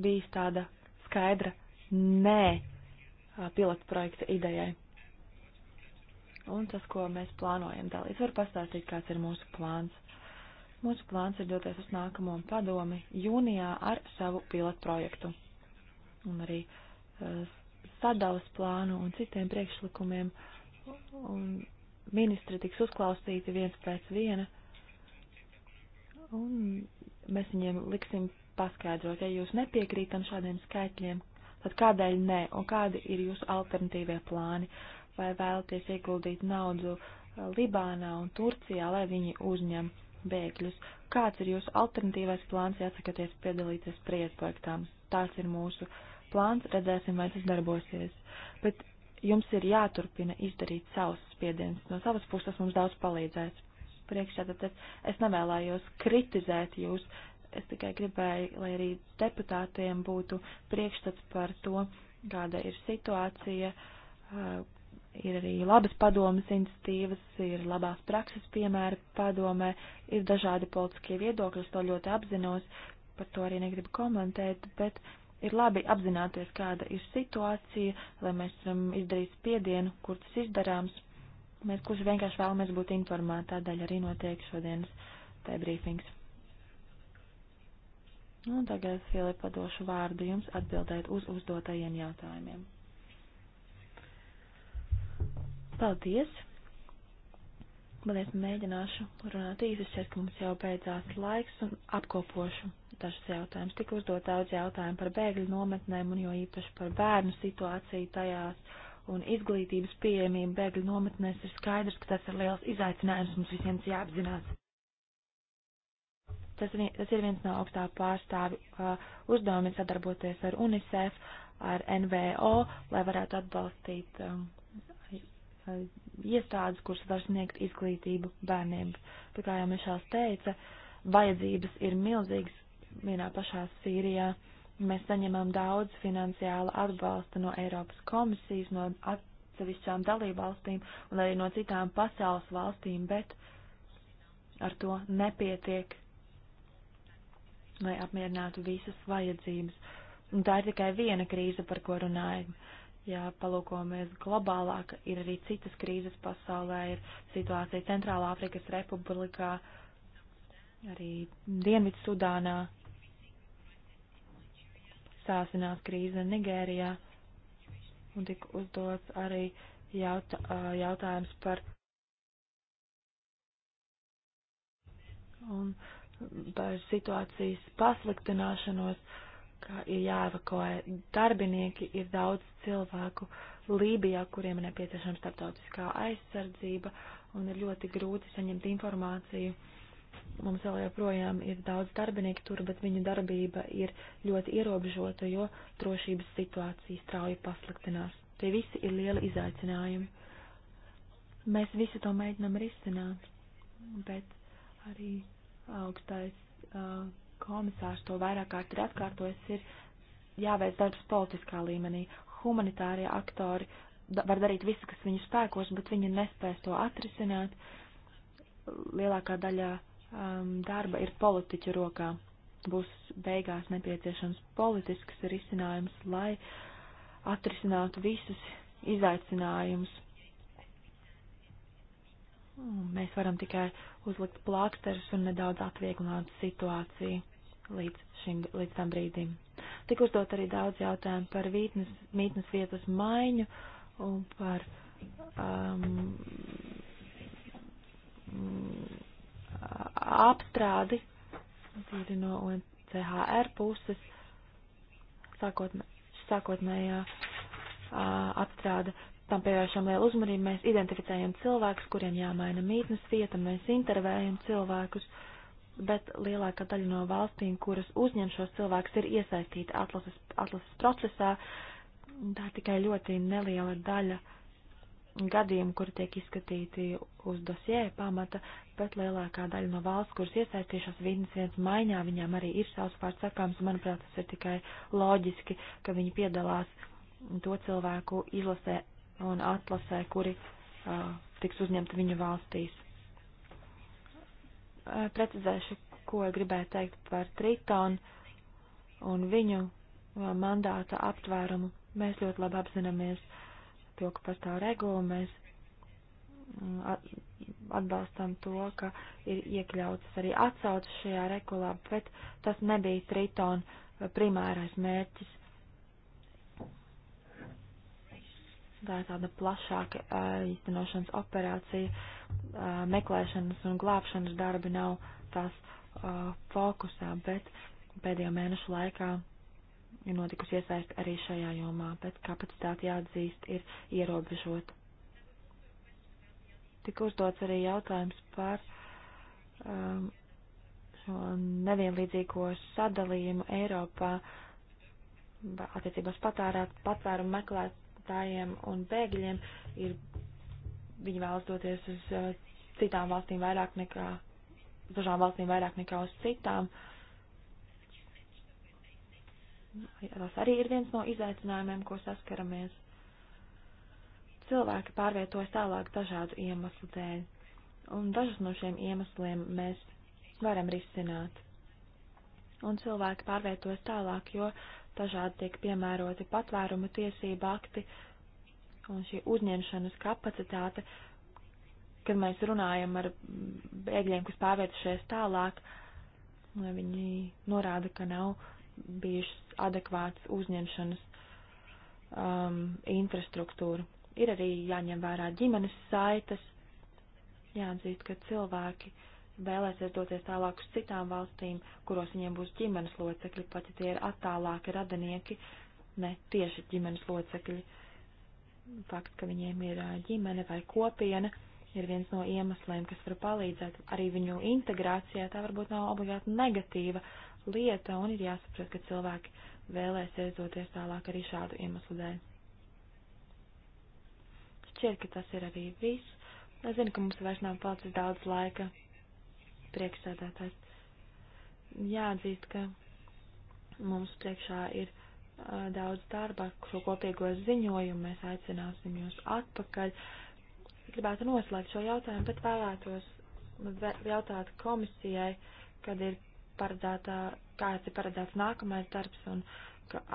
bijis tāda skaidra nē pilotu projekta idejai. Un tas, ko mēs plānojam dalīt, var pastāstīt, kāds ir mūsu plāns. Mūsu plāns ir doties uz nākamo padomi jūnijā ar savu pilotu projektu. Un arī uh, sadalas plānu un citiem priekšlikumiem. Un ministri tiks uzklausīti viens pēc viena. Un mēs viņiem liksim paskaidrot, ja jūs nepiekrītam šādiem skaitļiem, tad kādēļ nē un kādi ir jūsu alternatīvie plāni? Vai vēlaties ieguldīt naudu uh, Libānā un Turcijā, lai viņi uzņem bēgļus? Kāds ir jūsu alternatīvais plāns, ja atsakaties piedalīties priekšprojektām? Tāds ir mūsu plāns, redzēsim, vai tas darbosies. Bet jums ir jāturpina izdarīt savus spiedienus. No savas puses mums daudz palīdzēs. Priekšā tad es, es nevēlējos kritizēt jūs, Es tikai gribēju, lai arī deputātiem būtu priekšstats par to, kāda ir situācija. Eh, ir arī labas padomas iniciatīvas, ir labās prakses piemēri padomē, ir dažādi politiskie viedokļi, es to ļoti apzinos, par to arī negribu komentēt, bet ir labi apzināties, kāda ir situācija, lai mēs varam izdarīt spiedienu, kur tas izdarāms. Mēs kurš vienkārši vēlamies būt informēti, tādēļ arī notiek šodienas te brīfings. Un tagad, Filipa, došu vārdu jums atbildēt uz uzdotajiem jautājumiem. Paldies! Paldies, mēģināšu runāt īsi, šķiet, ka mums jau beidzās laiks un apkopošu dažus jautājumus. Tik uzdot daudz jautājumu par bēgļu nometnēm un jo īpaši par bērnu situāciju tajās un izglītības pieejamību bēgļu nometnēs ir skaidrs, ka tas ir liels izaicinājums mums visiem jāapzinās. Tas, tas ir viens no augstā pārstāvi uh, uzdevumiem sadarboties ar UNICEF, ar NVO, lai varētu atbalstīt um, uh, iestādes, kuras var sniegt izglītību bērniem. Tā kā jau Mišāls teica, vajadzības ir milzīgas vienā pašā Sīrijā. Mēs saņemam daudz finansiāla atbalsta no Eiropas komisijas, no atsevišķām dalībvalstīm un arī no citām pasaules valstīm, bet ar to nepietiek lai apmierinātu visas vajadzības. Un tā ir tikai viena krīze, par ko runājam. Ja palūkojamies globālāk, ir arī citas krīzes pasaulē, ir situācija Centrālā Afrikas Republikā, arī Dienvidu Sudānā, sāsinās krīze Nigērijā, un tika uzdots arī jautā, uh, jautājums par. Un, uh, par situācijas pasliktināšanos, ka ir jāevakuē darbinieki, ir daudz cilvēku Lībijā, kuriem ir nepieciešama starptautiskā aizsardzība un ir ļoti grūti saņemt informāciju. Mums vēl joprojām ir daudz darbinieku tur, bet viņu darbība ir ļoti ierobežota, jo drošības situācija strauji pasliktinās. Tie visi ir lieli izaicinājumi. Mēs visi to mēģinam risināt, bet arī augstais uh, komisārs to vairāk kārt ir atkārtojis, ir jāveic darbs politiskā līmenī. Humanitārie aktori da var darīt visu, kas viņu spēkos, bet viņi nespēs to atrisināt. Lielākā daļa um, darba ir politiķu rokā. Būs beigās nepieciešams politisks risinājums, lai atrisinātu visus izaicinājumus Mēs varam tikai uzlikt plāksterus un nedaudz atvieglot situāciju līdz, šim, līdz tam brīdim. Tik uzdot arī daudz jautājumu par vītnes, mītnes vietas maiņu un par um, apstrādi tīri no UNCHR puses sākotnējā sākotnējā uh, apstrāde tam pievēršam lielu uzmanību. Mēs identificējam cilvēkus, kuriem jāmaina mītnes vieta, mēs intervējam cilvēkus, bet lielākā daļa no valstīm, kuras uzņem šos cilvēkus, ir iesaistīta atlases, atlases procesā. Tā ir tikai ļoti neliela daļa gadījumu, kuri tiek izskatīti uz dosjē pamata, bet lielākā daļa no valsts, kuras iesaistījušās vidnes viens maiņā, viņām arī ir savs pārsakāms. Manuprāt, tas ir tikai loģiski, ka viņi piedalās to cilvēku izlasē un atlasē, kuri uh, tiks uzņemti viņu valstīs. Uh, precizēšu, ko gribēju teikt par Tritonu un viņu uh, mandāta aptvērumu. Mēs ļoti labi apzināmies to, ka pastāv regula, mēs atbalstam to, ka ir iekļautas arī atsauces šajā regulā, bet tas nebija Tritona primārais mērķis Tā ir tāda plašāka īstenošanas operācija, meklēšanas un glābšanas darbi nav tās fokusā, bet pēdējo mēnešu laikā ir notikusi iesaist arī šajā jomā, bet kapacitāte jāatzīst ir ierobežota. Tik uzdots arī jautājums par um, šo nevienlīdzīgo sadalījumu Eiropā attiecībās patērēt, patvērumu meklēt, strādātājiem un bēgļiem ir, viņi vēlas doties uz uh, citām valstīm vairāk nekā, dažām valstīm vairāk nekā uz citām. Tas arī ir viens no izaicinājumiem, ko saskaramies. Cilvēki pārvietojas tālāk dažādu iemeslu dēļ, un dažus no šiem iemesliem mēs varam risināt. Un cilvēki pārvietojas tālāk, jo dažādi tiek piemēroti patvēruma tiesība akti un šī uzņemšanas kapacitāte, kad mēs runājam ar bēgļiem, kas pārvērtušies tālāk, viņi norāda, ka nav bijušas adekvātas uzņemšanas um, infrastruktūra. Ir arī jāņem vērā ģimenes saites, jāatzīst, ka cilvēki uh, vēlēsies doties tālāk uz citām valstīm, kuros viņiem būs ģimenes locekļi, pat ja tie ir attālāki radinieki, ne tieši ģimenes locekļi. Fakts, ka viņiem ir ģimene vai kopiena, ir viens no iemesliem, kas var palīdzēt arī viņu integrācijā. Tā varbūt nav obligāti negatīva lieta, un ir jāsaprot, ka cilvēki vēlēsies doties tālāk arī šādu iemeslu dēļ. Šķiet, ka tas ir arī viss. Es zinu, ka mums vairs nav palicis daudz laika priekšsēdētājs. Jāatzīst, ka mums priekšā ir uh, daudz darba, šo kopīgo ziņojumu mēs aicināsim jūs atpakaļ. Gribētu noslēgt šo jautājumu, bet vēlētos jautāt komisijai, kad ir paredzētā, kāds ir paredzēts nākamais darbs un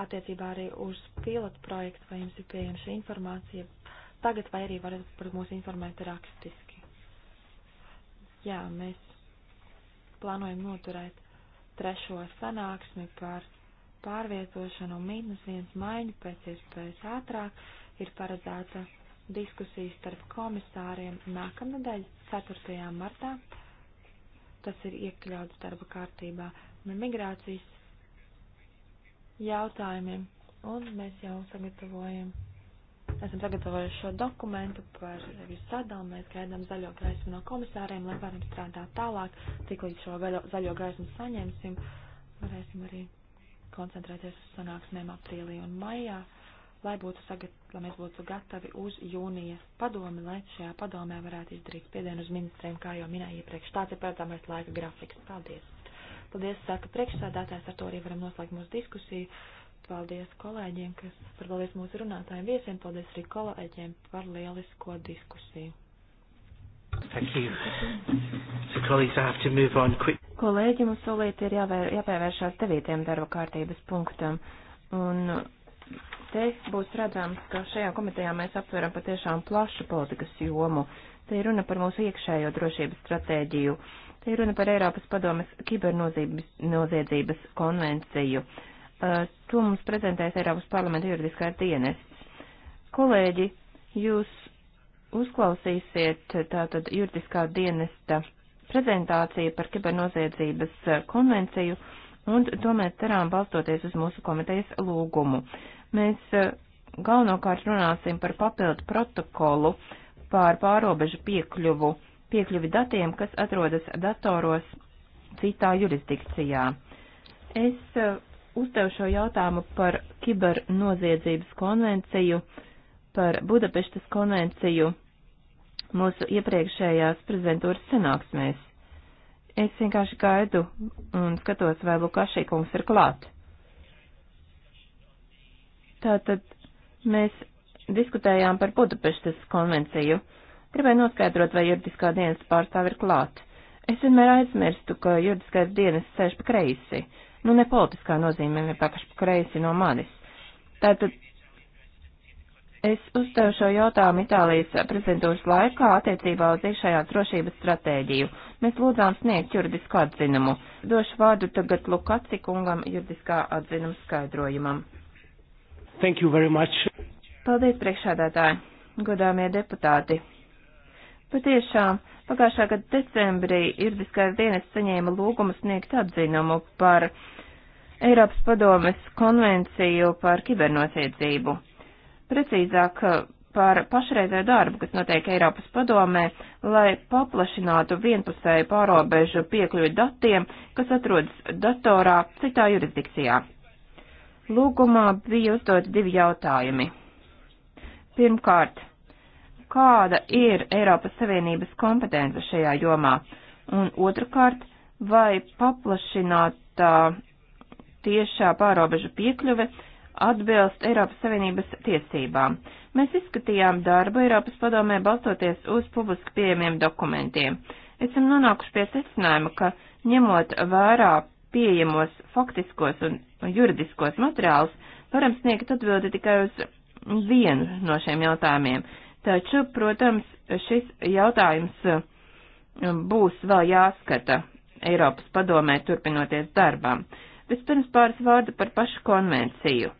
attiecībā arī uz pilotu projektu, vai jums ir pieejama šī informācija tagad, vai arī varat par mūs informēt rakstiski. Jā, mēs plānojam noturēt trešo sanāksmi par pārvietošanu un mītnes viens maiņu pēc iespējas ātrāk. Ir paredzēta diskusija starp komisāriem nākamnedēļ, 4. martā. Tas ir iekļauts darba kārtībā un migrācijas jautājumiem, un mēs jau sagatavojam Esam sagatavojuši šo dokumentu par revīzu sadalījumu. Mēs gaidām zaļo gaismu no komisāriem, lai varam strādāt tālāk. Tiklīdz šo veļo, zaļo gaismu saņemsim, varēsim arī koncentrēties uz sanāksmēm aprīlī un maijā, lai, būtu sagat, lai mēs būtu gatavi uz jūnija padomi, lai šajā padomē varētu izdarīt spiedienu uz ministriem, kā jau minēju iepriekš. Tāds ir pēdējais laika grafiks. Paldies! Paldies, saka priekšsādātājs, ar to arī varam noslēgt mūsu diskusiju. Paldies kolēģiem, kas paldies mūsu runātājiem viesiem, paldies arī kolēģiem par lielisko diskusiju. Thank you. So colleagues, I have to move on quick. Kolēģi, mums solīt ir jāvēr, jāpievēršās devītiem darba kārtības punktam. Un te būs redzams, ka šajā komitejā mēs aptveram patiešām plašu politikas jomu. Te ir runa par mūsu iekšējo drošības stratēģiju. Te ir runa par Eiropas padomes kibernoziedzības konvenciju. Uh, Eh, to mums prezentēs Eiropas parlamenta juridiskā dienests. Kolēģi, jūs uzklausīsiet tātad juridiskā dienesta prezentāciju par kibernoziedzības eh, konvenciju, un to mēs cerām balstoties uz mūsu komitejas lūgumu. Mēs eh, galvenokārt runāsim par papildu protokolu pār pārobežu piekļuvu, piekļuvi datiem, kas atrodas datoros citā jurisdikcijā. Es uzdevu šo jautājumu par kibernoziedzības konvenciju, par Budapeštas konvenciju mūsu iepriekšējās prezidentūras sanāksmēs. Es vienkārši gaidu un skatos, vai Lukašīkungs ir klāt. Tātad mēs diskutējām par Budapeštas konvenciju. Gribēju noskaidrot, vai juridiskā dienas pārstāve ir klāt. Es vienmēr aizmirstu, ka juridiskais dienas sēž pa kreisi. Nu, ne politiskā nozīmē, vienkārši kreisi no manis. Tātad es uzdevu šo jautājumu Itālijas prezidentūras laikā attiecībā uz iekšējās drošības stratēģiju. Mēs lūdzām sniegt juridisku atzinumu. Došu vārdu tagad Lukaci kungam juridiskā atzinuma skaidrojumam. Thank you very much. Paldies priekšādātāji, godāmie deputāti. Patiešām Pagājušā gada decembrī juridiskais dienas saņēma lūgumu sniegt atzinumu par Eiropas padomes konvenciju par kibernosiedzību. Precīzāk par pašreizēju darbu, kas notiek Eiropas padomē, lai paplašinātu vienpusēju pārobežu piekļuvi datiem, kas atrodas datorā citā jurisdikcijā. Lūgumā bija uzdot divi jautājumi. Pirmkārt, kāda ir Eiropas Savienības kompetence šajā jomā, un otrkārt, vai paplašinātā tiešā pārobežu piekļuve atbilst Eiropas Savienības tiesībām. Mēs izskatījām darbu Eiropas padomē balstoties uz publiski pieejamiem dokumentiem. Esam nonākuši pie secinājuma, ka ņemot vērā pieejamos faktiskos un juridiskos materiālus, varam sniegt atbildi tikai uz vienu no šiem jautājumiem. Taču, protams, šis jautājums eh, būs vēl jāskata Eiropas padomē turpinoties darbām. Vispirms pāris vārdu par pašu konvenciju.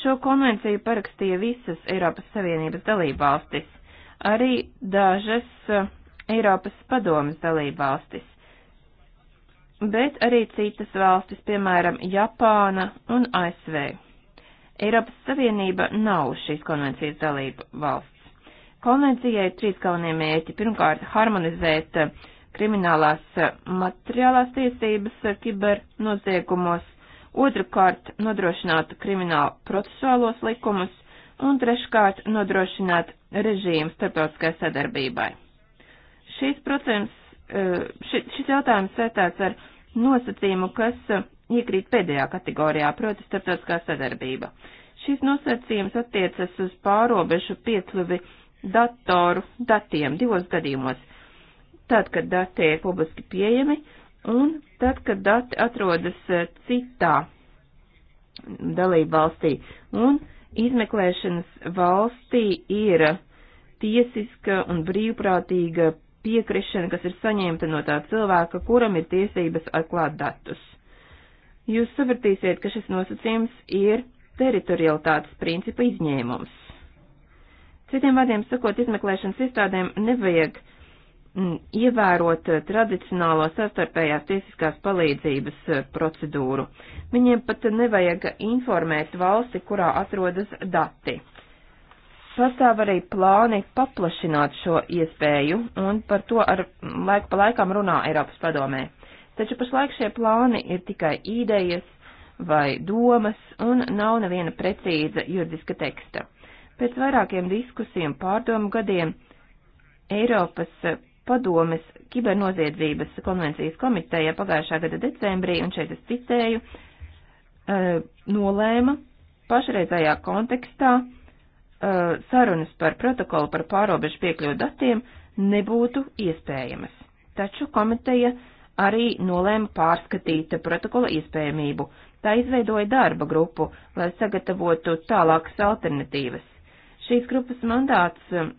Šo konvenciju parakstīja visas Eiropas Savienības dalībvalstis, arī dažas eh, Eiropas padomas dalībvalstis, bet arī citas valstis, piemēram, Japāna un ASV. Eiropas Savienība nav šīs konvencijas dalība valsts. Konvencijai ir trīs galvenie mēķi. Pirmkārt, harmonizēt eh, kriminālās eh, materiālās tiesības eh, kibernoziegumos, otrkārt, nodrošināt kriminālu procesuālos likumus un treškārt, nodrošināt režīmu starptautiskai sadarbībai. Šis, procents, šis jautājums saistās ar nosacījumu, kas iekrīt pēdējā kategorijā, proti starptautiskā sadarbība. Šis nosacījums attiecas uz pārobežu piekļuvi datoru datiem divos gadījumos. Tad, kad dati ir publiski pieejami un tad, kad dati atrodas e, citā dalība valstī. Un izmeklēšanas valstī ir tiesiska un brīvprātīga piekrišana, kas ir saņemta no tā cilvēka, kuram ir tiesības atklāt datus. Jūs sapratīsiet, ka šis nosacījums ir teritorialitātes principa izņēmums. Citiem vārdiem sakot, izmeklēšanas iestādēm nevajag m, mm, ievērot eh, tradicionālo sastarpējās tiesiskās palīdzības eh, procedūru. Viņiem pat nevajag informēt valsti, kurā atrodas dati. Pastāv arī plāni paplašināt šo iespēju, un par to ar mm, laiku pa laikam runā Eiropas padomē. Taču pašlaik šie plāni ir tikai idejas vai domas, un nav neviena precīza juridiska teksta. Pēc vairākiem diskusijām pārdomu gadiem Eiropas padomes kibernoziedzības konvencijas komiteja pagājušā gada decembrī, un šeit es citēju, e, nolēma pašreizējā kontekstā e, sarunas par protokolu par pārobežu piekļuvu datiem nebūtu iespējamas. Taču komiteja arī nolēma pārskatīt protokola iespējamību. Tā izveidoja darba grupu, lai sagatavotu tālākas alternatīvas. Šīs grupas mandāts um,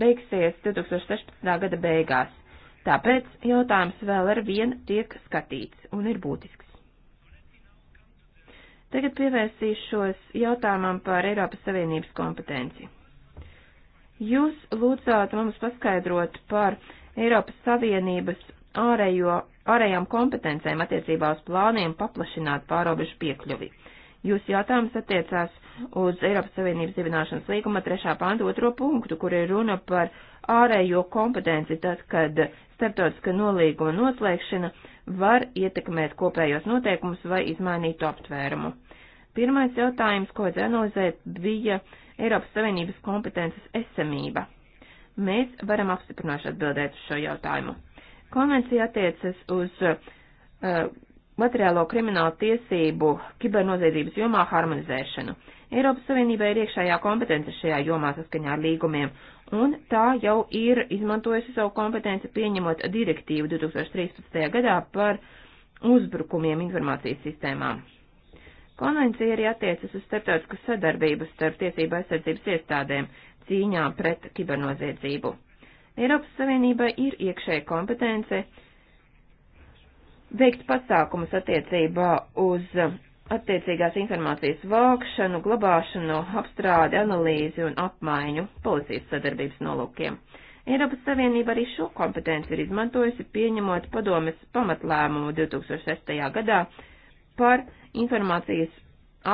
beigsies 2016. gada beigās, tāpēc jautājums vēl ar vienu tiek skatīts un ir būtisks. Tagad pievērsīšos jautājumam par Eiropas Savienības kompetenci. Jūs lūdzāt mums paskaidrot par Eiropas Savienības ārējo, ārējām kompetencēm attiecībā uz plāniem paplašināt pārobežu piekļuvi. Jūs jautājums attiecās uz Eiropas Savienības dibināšanas līguma trešā panta otro punktu, kur ir runa par ārējo kompetenci, tad, kad starptautiska nolīguma noslēgšana var ietekmēt kopējos noteikumus vai izmainīt aptvērumu. Pirmais jautājums, ko analizēt, bija Eiropas Savienības kompetences esamība. Mēs varam apstiprinoši atbildēt uz šo jautājumu. Konvencija attiecas uz uh, materiālo kriminālu tiesību kibernoziedzības jomā harmonizēšanu. Uh, Eiropas Savienībā ir iekšējā kompetence šajā jomā saskaņā ar līgumiem, un tā jau ir izmantojusi savu kompetenci pieņemot direktīvu 2013. gadā par uzbrukumiem informācijas sistēmām. Konvencija arī attiecas uz starptautisku sadarbību starp tiesību aizsardzības iestādēm cīņā pret kibernoziedzību. Eiropas Savienībai ir iekšēja kompetence veikt pasākumus attiecībā uz attiecīgās informācijas vākšanu, glabāšanu, apstrādi, analīzi un apmaiņu policijas sadarbības nolūkiem. Eiropas Savienība arī šo kompetenci ir izmantojusi pieņemot padomes pamatlēmumu 2006. gadā par informācijas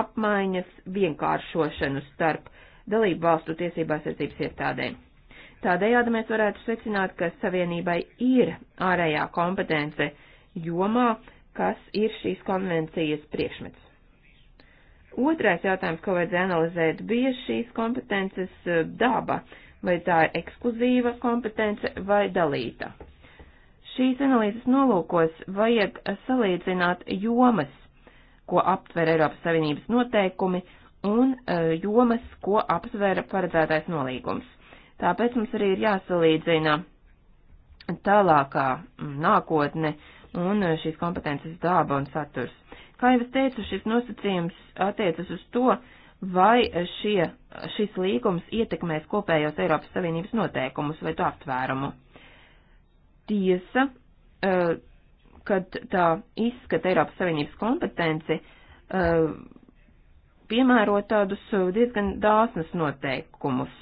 apmaiņas vienkāršošanu starp dalību valstu tiesībās aizsardzības iestādēm. Tādējādi mēs varētu secināt, ka Savienībai ir ārējā kompetence jomā, kas ir šīs konvencijas priekšmets. Otrais jautājums, ko vajadzēja analizēt, bija šīs kompetences eh, daba, vai tā ir ekskluzīva kompetence vai dalīta. Šīs analīzes nolūkos vajag salīdzināt jomas, ko aptver Eiropas Savienības noteikumi, un eh, jomas, ko aptver paredzētais nolīgums. Tāpēc mums arī ir jāsalīdzina tālākā mm, nākotne un eh, šīs kompetences daba un saturs. Kā jau es teicu, šis nosacījums attiecas uz to, vai eh, šie, šis līgums ietekmēs kopējos Eiropas Savienības noteikumus vai to aptvērumu. Tiesa, eh, kad tā izskata Eiropas Savienības kompetenci, piemēro tādus diezgan dāsnas noteikumus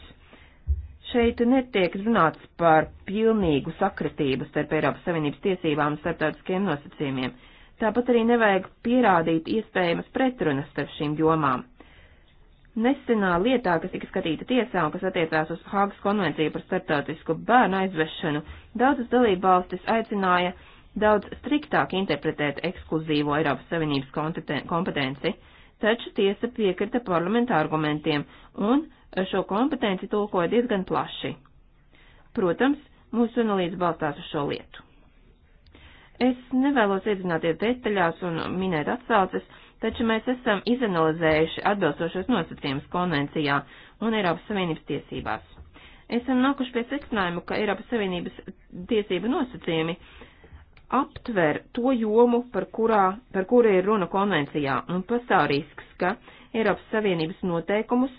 Šeit netiek runāts par pilnīgu sakritību starp Eiropas Savienības tiesībām un starptautiskiem nosacījumiem. Tāpat arī nevajag pierādīt iespējamas pretrunas starp šīm jomām. Nesenā lietā, kas tika skatīta tiesā un kas attiecās uz Hāgas konvenciju par starptautisku bērnu aizvešanu, daudzas dalībvalstis aicināja daudz striktāk interpretēt ekskluzīvo Eiropas Savienības kompetenci, taču tiesa piekrita parlamenta argumentiem un šo kompetenci tulkoja diezgan plaši. Protams, mūsu analīze balstās uz šo lietu. Es nevēlos iedzināties detaļās un minēt atsauces, taču mēs esam izanalizējuši atbilstošos nosacījumus konvencijā un Eiropas Savienības tiesībās. Esam nākuši pie secinājuma, ka Eiropas Savienības tiesību nosacījumi aptver to jomu, par, kurā, par kuru ir runa konvencijā, un pastāv risks, ka Eiropas Savienības noteikumus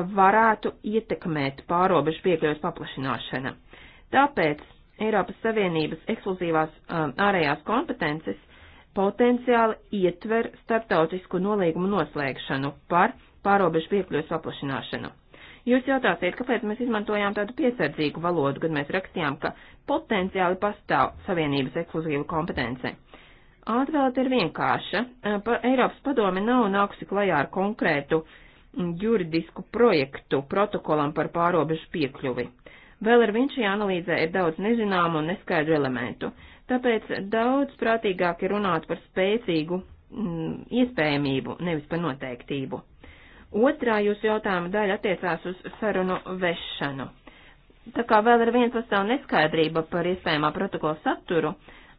varētu ietekmēt pārobežu piekļuves paplašināšana. Tāpēc Eiropas Savienības ekskluzīvās um, ārējās kompetences potenciāli ietver starptautisku nolīgumu noslēgšanu par pārobežu piekļuves paplašināšanu. Jūs jautāsiet, kāpēc mēs izmantojām tādu piesardzīgu valodu, kad mēs rakstījām, ka potenciāli pastāv Savienības ekskluzīva kompetence. Atvēlēt ir vienkārša. Uh, pa, Eiropas padome nav nākusi klajā ar konkrētu uh, juridisku projektu protokolam par pārobežu piekļuvi. Vēl ar viņš šajā analīzē ir daudz nezināmu un neskaidru elementu, tāpēc daudz prātīgāk ir runāt par spēcīgu mm, iespējamību, nevis par noteiktību. Otrā jūsu jautājuma daļa attiecās uz sarunu vešanu. Tā kā vēl ar vienu pastāv neskaidrība par iespējamā protokola saturu,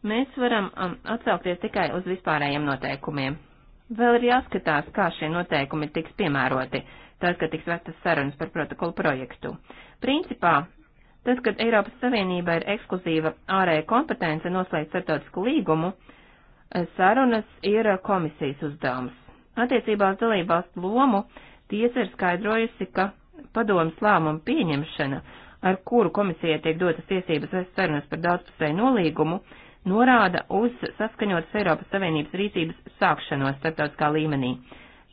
mēs varam um, atsaukties tikai uz vispārējiem noteikumiem. Vēl ir jāskatās, kā šie noteikumi tiks piemēroti, tad, kad tiks vestas sarunas par protokolu projektu. Principā, tas, kad Eiropas Savienība ir ekskluzīva ārēja kompetence noslēgt starptautisku līgumu, sarunas ir komisijas uzdevums. Attiecībā uz dalībvalstu lomu tiesa ir skaidrojusi, ka padomas lēmuma pieņemšana, ar kuru komisijai tiek dotas tiesības vest sarunas par daudzpusēju nolīgumu, norāda uz saskaņotas Eiropas Savienības rīcības sākšanos starptautiskā līmenī.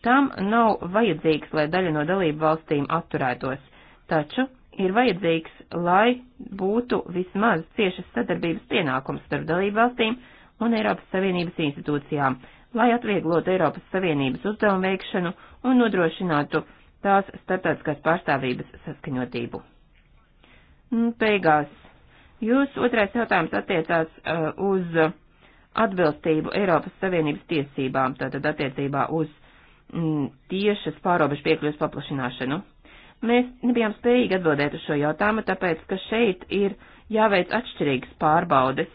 Tam nav vajadzīgs, lai daļa no dalību valstīm atturētos, taču ir vajadzīgs, lai būtu vismaz ciešas sadarbības pienākums starp dalību valstīm un Eiropas Savienības institūcijām, lai atvieglotu Eiropas Savienības uzdevumu veikšanu un nodrošinātu tās starptautiskās pārstāvības saskaņotību. Beigās Jūs otrais jautājums attiecās uh, uz atbilstību Eiropas Savienības tiesībām, tātad attiecībā uz m, mm, tiešas pārobežu piekļuves paplašināšanu. Mēs nebijām spējīgi atbildēt uz šo jautājumu, tāpēc, ka šeit ir jāveic atšķirīgas pārbaudes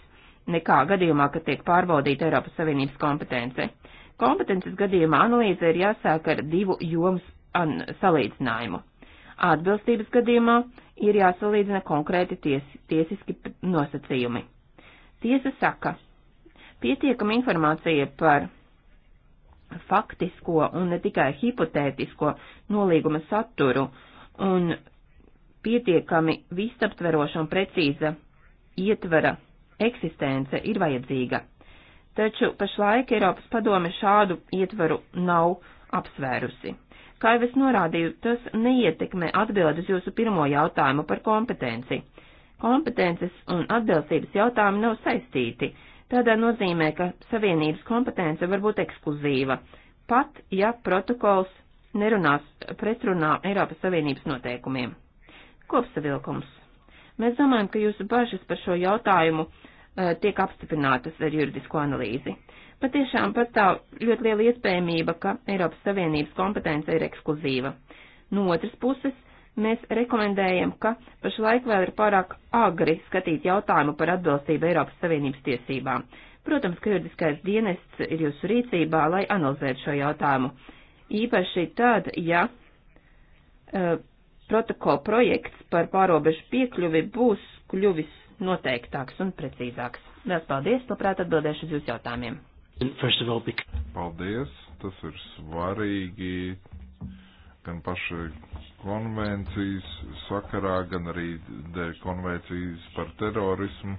nekā gadījumā, kad tiek pārbaudīta Eiropas Savienības kompetence. Kompetences gadījumā analīze ir jāsāk ar divu jomas salīdzinājumu. Atbilstības gadījumā uh, ir jāsalīdzina konkrēti ties, tiesiski nosacījumi. Tiesa saka, pietiekama informācija par faktisko un ne tikai hipotētisko nolīguma saturu un pietiekami vistaptveroša un precīza ietvara eksistence ir vajadzīga. Taču pašlaik Eiropas padome šādu ietvaru nav apsvērusi. Kā jau es norādīju, tas neietekmē atbildes jūsu pirmo jautājumu par kompetenci. Kompetences un atbilstības jautājumi nav saistīti, tādā nozīmē, ka savienības kompetence var būt ekskluzīva, pat ja protokols nerunās pretrunā Eiropas Savienības noteikumiem. Kopsavilkums. Mēs domājam, ka jūsu bažas par šo jautājumu uh, Eh, tiek apstiprinātas ar juridisko analīzi. Patiešām pastāv ļoti liela iespējamība, ka Eiropas Savienības kompetence ir ekskluzīva. No otras puses, mēs rekomendējam, ka pašlaik vēl ir pārāk agri skatīt jautājumu par atbilstību Eiropas Savienības tiesībām. Protams, ka juridiskais dienests ir jūsu rīcībā, lai analizētu šo jautājumu. Īpaši tad, ja uh, eh, protokola projekts par pārobežu piekļuvi būs kļuvis noteiktāks un precīzāks. Lielas paldies, labprāt atbildēšu uz jūsu jautājumiem. All, because... Paldies, tas ir svarīgi gan paša konvencijas sakarā, gan arī dēļ konvencijas par terorismu,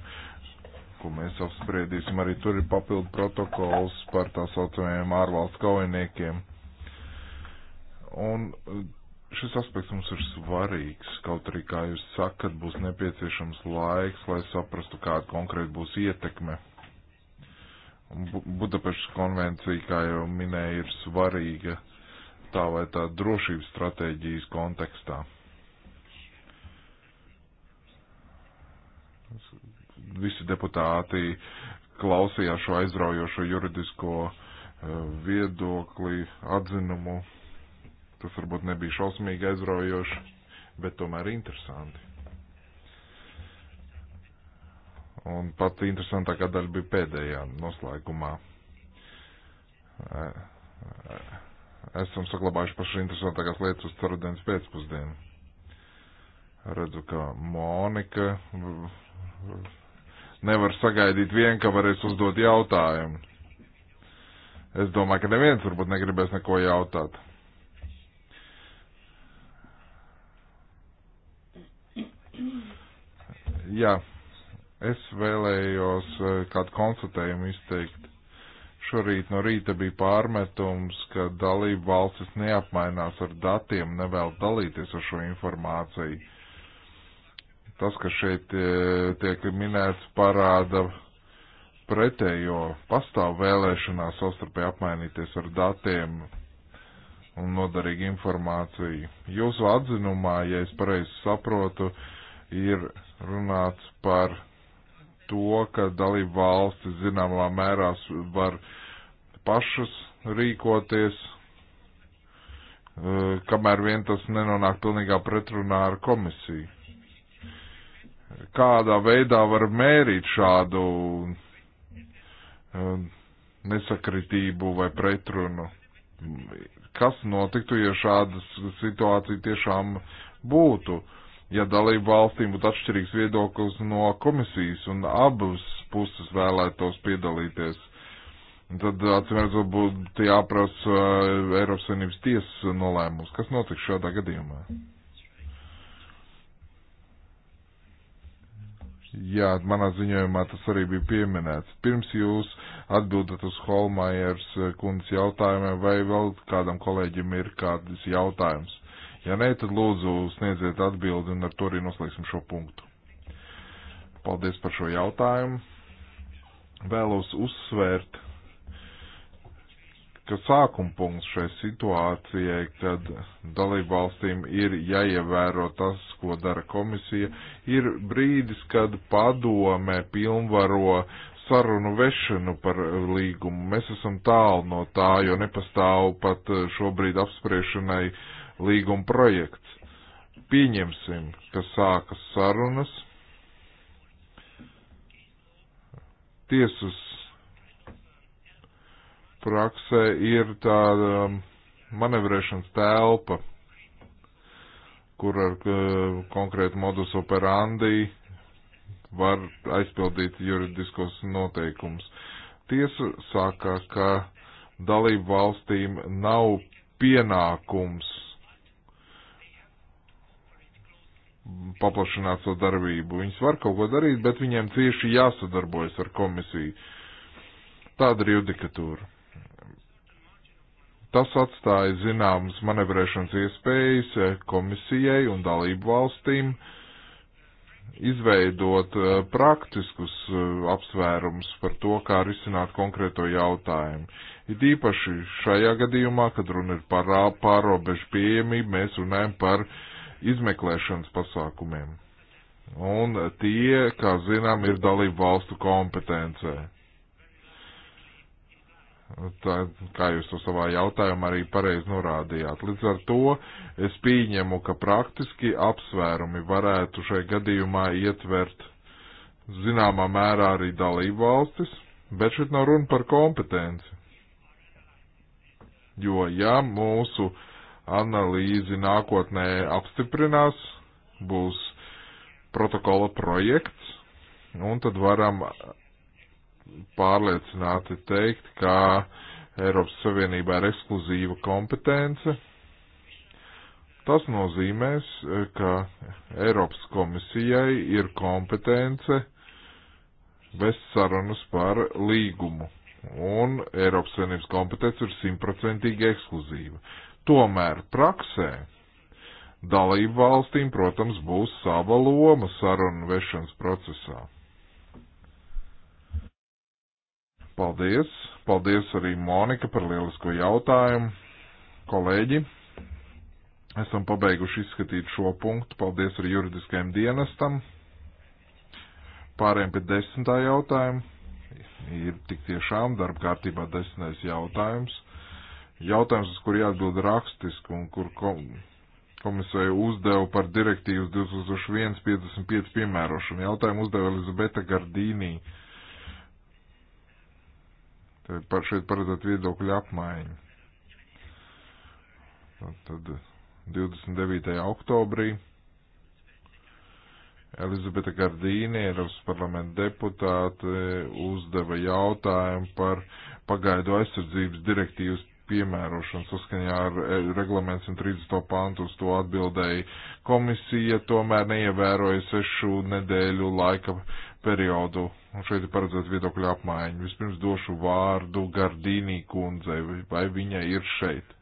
ko mēs apspriedīsim. Arī tur ir papildu protokols par tā saucamajiem ārvalstu kaujiniekiem. Un šis aspekts mums ir svarīgs, kaut arī, kā jūs sakat, būs nepieciešams laiks, lai saprastu, kāda konkrēti būs ietekme. Budapešas konvencija, kā jau minēja, ir svarīga tā vai tā drošības stratēģijas kontekstā. Visi deputāti klausījās šo aizraujošo juridisko eh, viedokli, atzinumu Tas varbūt nebija šausmīgi aizraujoši, bet tomēr interesanti. Un pat interesantākā daļa bija pēdējā noslēgumā. E, e, esam saglabājuši pašas interesantākās lietas uz ceturtdienas pēcpusdienu. Redzu, ka Monika nevar sagaidīt vien, ka varēs uzdot jautājumu. Es domāju, ka neviens varbūt negribēs neko jautāt. Jā, es vēlējos eh, kādu konstatējumu izteikt. Šorīt no rīta bija pārmetums, ka dalību valstis neapmainās ar datiem, nevēl dalīties ar šo informāciju. Tas, kas šeit eh, tiek minēts, parāda pretējo pastāv vēlēšanās savstarpēji apmainīties ar datiem un nodarīgu informāciju. Jūsu atzinumā, ja es pareizi saprotu, ir runāt par to, ka dalību valstis zināmā mērā var pašas rīkoties, e, kamēr vien tas nenonāk pilnīgā pretrunā ar komisiju. Kādā veidā var mērīt šādu e, nesakritību vai pretrunu? Kas notiktu, ja šāda situācija tiešām būtu? Uh, ja dalību valstīm būtu atšķirīgs viedoklis no komisijas un abas puses vēlētos piedalīties. Tad, acīm redzot, būtu jāprasa uh, Eiropas Savienības tiesas nolēmums. Kas notiks šādā gadījumā? Jā, manā ziņojumā tas arī bija pieminēts. Pirms jūs atbildat uz Holmajers eh, kundas jautājumiem, vai vēl kādam kolēģim ir kāds jautājums? Ja nē, tad lūdzu sniedziet atbildi un ar to arī noslēgsim šo punktu. Paldies par šo jautājumu. Vēlos uzsvērt, ka sākuma punkts šai situācijai, kad dalībvalstīm ir jāievēro tas, ko dara komisija, ir brīdis, kad padome pilnvaro sarunu vešanu par līgumu. Mēs esam tālu no tā, jo nepastāv pat šobrīd apspriešanai uh, līguma projekts. Pieņemsim, ka sākas sarunas. Tiesas praksē ir tāda um, manevrēšanas telpa, kur ar uh, konkrētu modus operandi var aizpildīt juridiskos noteikumus. Tiesa saka, ka dalību valstīm nav pienākums paplašināt savu darbību. Viņas var kaut ko darīt, bet viņiem cieši jāsadarbojas ar komisiju. Tāda ir judikatūra. Tas atstāja zināmas manevrēšanas iespējas komisijai un dalību valstīm izveidot eh, praktiskus eh, apsvērums par to, kā risināt konkrēto jautājumu. It īpaši šajā gadījumā, kad runa ir par pārobežu pieejamību, mēs runājam par uh, izmeklēšanas pasākumiem. Un tie, kā zinām, ir dalību valstu kompetencē. Tā, kā jūs to savā jautājumā arī pareizi norādījāt. Līdz ar to es pieņemu, ka praktiski apsvērumi varētu šai gadījumā ietvert zināmā mērā arī dalību valstis, bet šeit nav runa par kompetenci. Jo, ja mūsu uh, analīzi nākotnē apstiprinās, būs protokola projekts, un tad varam pārliecināti teikt, ka Eiropas Savienībā ir ekskluzīva kompetence. Tas nozīmēs, ka Eiropas komisijai ir kompetence vest sarunas par līgumu, un Eiropas Savienības kompetence ir simtprocentīgi ekskluzīva. Tomēr praksē dalību valstīm, protams, būs sava loma sarunu vešanas procesā. Paldies! Paldies arī Monika par lielisko jautājumu. Kolēģi, esam pabeiguši izskatīt šo punktu. Paldies arī juridiskajam dienestam. Pārējiem pie desmitā jautājuma. Ir tik tiešām darba kārtībā desmitais jautājums jautājums, uz kur jāatbild rakstiski un kur komisija uzdeva par direktīvas 2001-55 piemērošanu. Jautājumu uzdeva Elizabeta Gardīnī. Te par šeit paredzēt viedokļu apmaiņu. Tad 29. oktobrī Elizabeta Gardīni, Eiropas parlamenta deputāte, uzdeva jautājumu par pagaidu aizsardzības direktīvas piemērošanu saskaņā ar eh, reglamentu 130. pantu uz to atbildēja. Komisija tomēr neievēroja sešu nedēļu laika periodu, un šeit ir paredzēts viedokļu apmaiņu. Vispirms došu vārdu Gardīnī kundzei, vai viņa ir šeit.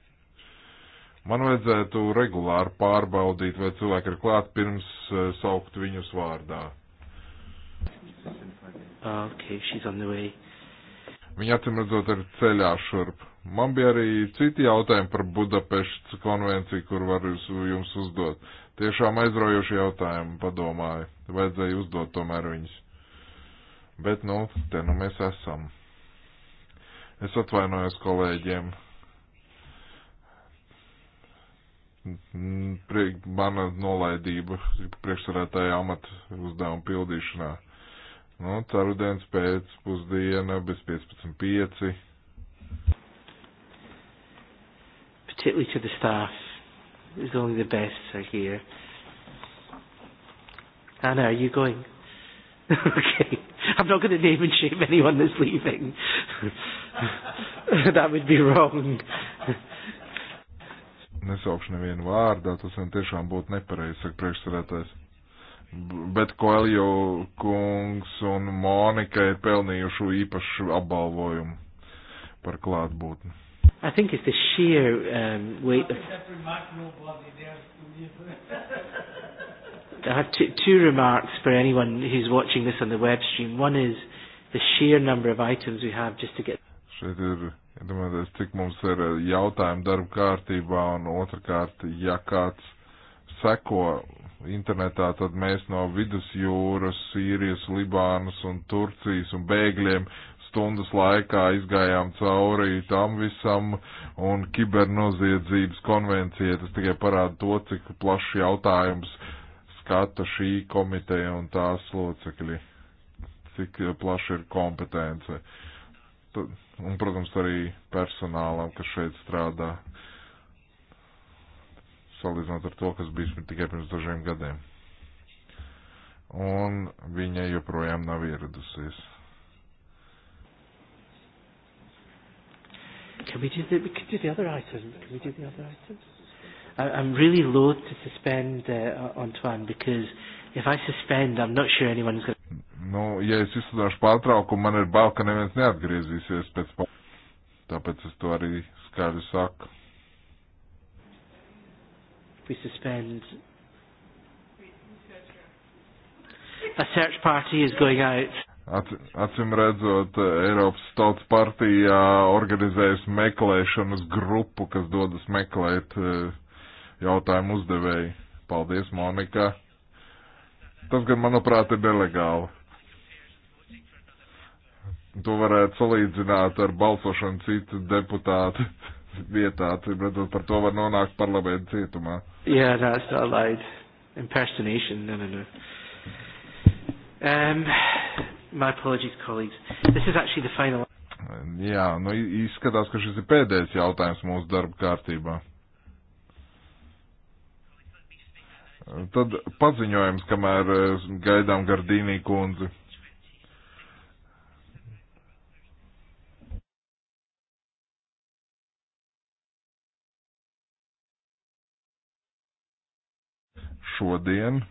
Man vajadzētu regulāri pārbaudīt, vai cilvēki ir klāt pirms eh, saukt viņus vārdā. Okay, she's on the way. Viņa atcīm redzot ir ceļā šurp. Man bija arī citi jautājumi par Budapeštas konvenciju, kur varu jums uzdot. Tiešām aizraujoši jautājumi, padomāju. Vajadzēja uzdot tomēr viņus. Bet, nu, te nu mēs esam. Es atvainojos kolēģiem. Mana nolaidība priekšsarētāja amata uzdevuma pildīšanā. Nu, cerudienas pēc pusdiena bez 15.5 particularly to the staff. It was only the best are here. Anna, are you going? okay. I'm not going to name and shame anyone that's leaving. that would be wrong. Nesaukšu nevienu vārdu, tas man tiešām būtu nepareizi, saka priekšsarētājs. Bet Koeljo kungs un Monika ir pelnījuši īpašu apbalvojumu par klātbūtni. I think it's the sheer um, weight of. I have two, two remarks for anyone who's watching this on the web stream. One is the sheer number of items we have just to get. Šeit ir, ja domājieties, cik mums ir uh, jautājumi darba kārtībā, un otrkārt, ja kāds seko internetā, tad mēs no vidusjūras, Sīrijas, Libānas un Turcijas un bēgļiem stundas laikā izgājām cauri tam visam, un kibernoziedzības konvencija tas tikai parāda to, cik plašs jautājums skata šī komiteja un tās locekļi, cik plaša ir kompetence. Un, protams, arī personālam, kas šeit strādā, salīdzinot ar to, kas bija tikai pirms dažiem gadiem. Un viņa joprojām nav ieradusies. Can we do the, we could do the other item? Can we do the other item? I, I'm really loath to suspend, uh, Antoine, because if I suspend, I'm not sure anyone's going to... Nu, ja es izsludāšu pārtraukumu, man ir bail, ka neviens neatgriezīsies pēc pārtraukumu. Tāpēc es to arī skaļi saku. We suspend. A search party is going out. Acim redzot, Eiropas Tautas partijā organizējas meklēšanas grupu, kas dodas meklēt eh, jautājumu uzdevēju. Paldies, Monika. Tas gan, manuprāt, ir nelegāli. To varētu salīdzināt ar balsošanu citu deputātu vietā, cim redzot, par to var nonākt parlamentu cietumā. Yeah, that's not lied. Impersonation, no, no, no. Um, My apologies, colleagues. This is actually the final. Jā, nu izskatās, ka šis ir pēdējais jautājums mūsu darba kārtībā. Tad paziņojums, kamēr eh, gaidām Gardīnī kundzi. Šodien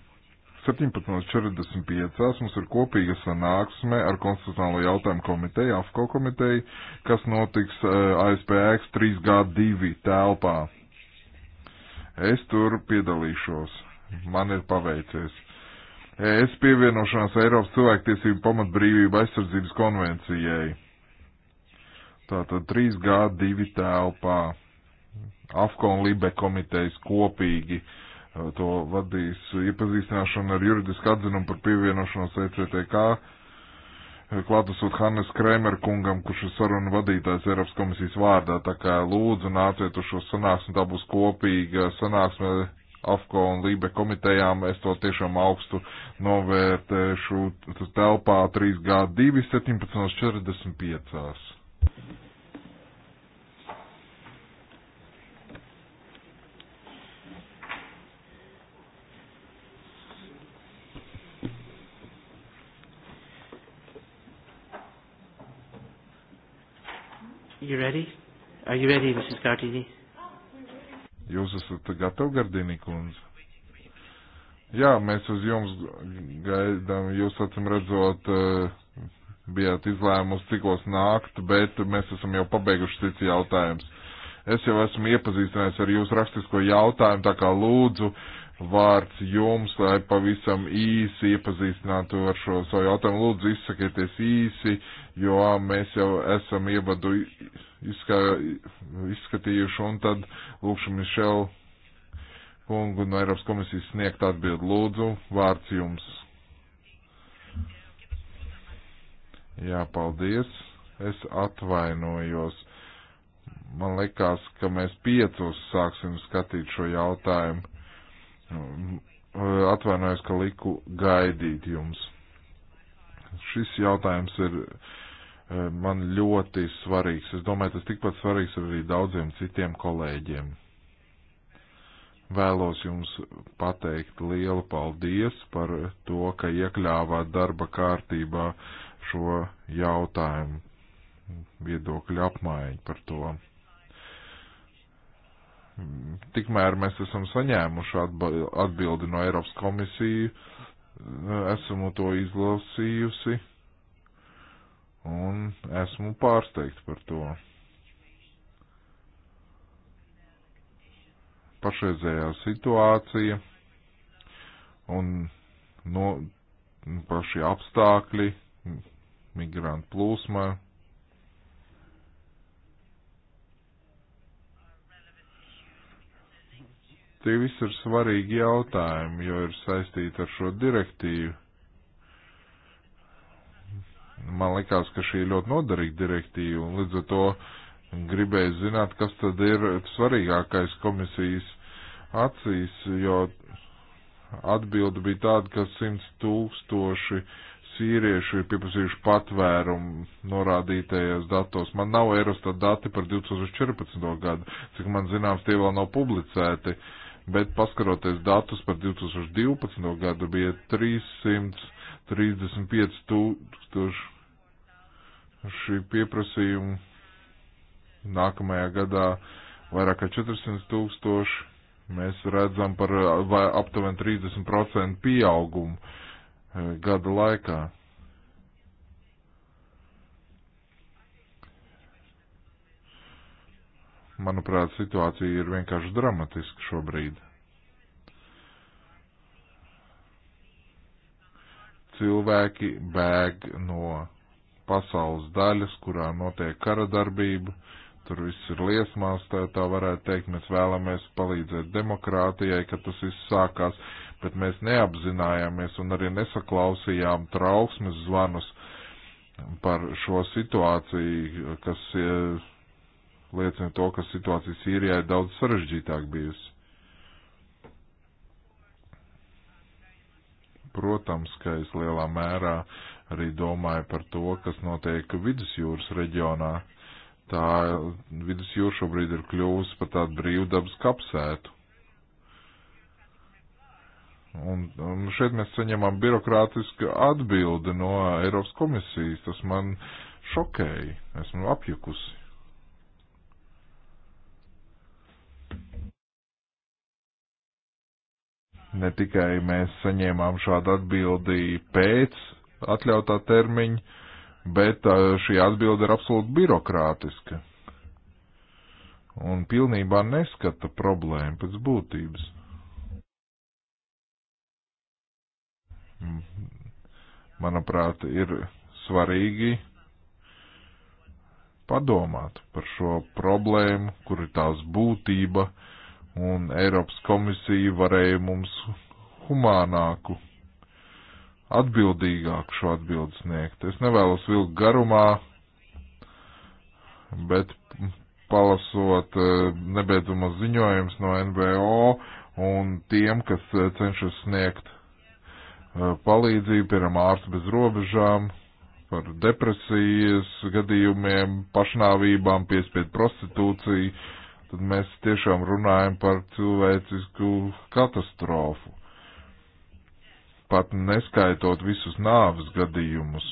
17.45 mums ir kopīga sanāksme ar konstitucionālo jautājumu komiteju, AFCO komiteju, kas notiks eh, ASPX 3G2 telpā. Es tur piedalīšos. Man ir paveicies. Es pievienošanās Eiropas cilvēktiesību pamatbrīvību aizsardzības konvencijai. Tātad 3G2 telpā. AFCO un LIBE komitejas kopīgi uh, Eh, to vadīs iepazīstināšana ar juridisku atzinumu par pievienošanos ECTK, eh, klātesot Hannes Kremer kungam, kurš ir saruna vadītājs Eiropas komisijas vārdā, tā kā lūdzu nāciet uz šo sanāksmi, tā būs kopīga sanāksme AFCO un LIBE komitejām, es to tiešām augstu novērtēšu telpā 3G2 17.45. You ready? Are you ready, Mrs. Gardini? Jūs esat gatavi, Gardini kundze? Jā, mēs uz jums gaidām, jūs acim redzot, eh, bijāt izlēmusi, cikos nākt, bet mēs esam jau pabeiguši cits jautājums. Es jau esmu iepazīstinājis ar jūsu rakstisko jautājumu, tā kā lūdzu, uh, vārds jums, lai pavisam īsi iepazīstinātu ar šo savu jautājumu. Lūdzu, izsakieties īsi, jo mēs jau esam ievadu izskā, izskatījuši un tad lūkšu Mišelu kungu no Eiropas komisijas sniegt atbildi. Lūdzu, vārds jums. Jā, paldies. Es atvainojos. Man likās, ka mēs piecos sāksim skatīt šo jautājumu Nu, eh, atvainojos, ka liku gaidīt jums. Šis jautājums ir eh, man ļoti svarīgs. Es domāju, tas tikpat svarīgs arī daudziem citiem kolēģiem. Vēlos jums pateikt lielu paldies par to, ka iekļāvāt darba kārtībā šo jautājumu, viedokļu apmaiņu par to tikmēr mēs esam saņēmuši atbildi no Eiropas komisiju, esmu to izlasījusi un esmu pārsteigts par to. Pašreizējā situācija un no paši apstākļi, migrantu plūsma, Tie visi ir svarīgi jautājumi, jo ir saistīti ar šo direktīvu. Man likās, ka šī ir ļoti noderīga direktīva, un līdz ar to gribēju zināt, kas tad ir svarīgākais komisijas acīs, jo atbildi bija tāda, ka simts tūkstoši sīrieši ir pieprasījuši patvērumu norādītajos datos. Man nav Eurostat dati par 2014. gadu, cik man zināms, tie vēl nav publicēti. Uh, bet paskaroties datus par 2012. gadu bija 335 tūkstoši šī pieprasījuma, nākamajā gadā vairāk kā 400 tūkstoši, mēs redzam par aptuveni 30% pieaugumu eh, gada laikā. manuprāt, situācija ir vienkārši dramatiska šobrīd. Cilvēki bēg no pasaules daļas, kurā notiek kara darbība, tur viss ir liesmās, tā, tā varētu teikt, mēs vēlamies palīdzēt demokrātijai, kad tas viss sākās, bet mēs neapzinājāmies un arī nesaklausījām trauksmes zvanus par šo situāciju, kas eh, liecina to, ka situācija Sīrijā ir daudz sarežģītāk bijusi. Protams, ka es lielā mērā arī domāju par to, kas notiek vidusjūras reģionā. Tā vidusjūra šobrīd ir kļuvusi par tādu brīvdabas kapsētu. Un, un šeit mēs saņemam birokrātisku atbildi no Eiropas komisijas. Tas man šokēja. Esmu apjukusi. Ne tikai mēs saņēmām šādu atbildi pēc atļautā termiņa, bet uh, šī atbilde ir absolūti birokrātiska un pilnībā neskata problēmu pēc būtības. Manuprāt, ir svarīgi padomāt par šo problēmu, kur ir tās būtība, uh, un Eiropas komisija varēja mums humānāku, atbildīgāku šo atbildu sniegt. Es nevēlos vilkt garumā, bet palasot eh, nebeidzamos ziņojumus no NVO un tiem, kas eh, cenšas sniegt eh, palīdzību, piemēram, ārsts bez robežām, par depresijas gadījumiem, pašnāvībām, piespiedu prostitūciju, tad mēs tiešām runājam par cilvēcisku katastrofu. Pat neskaitot visus nāves gadījumus.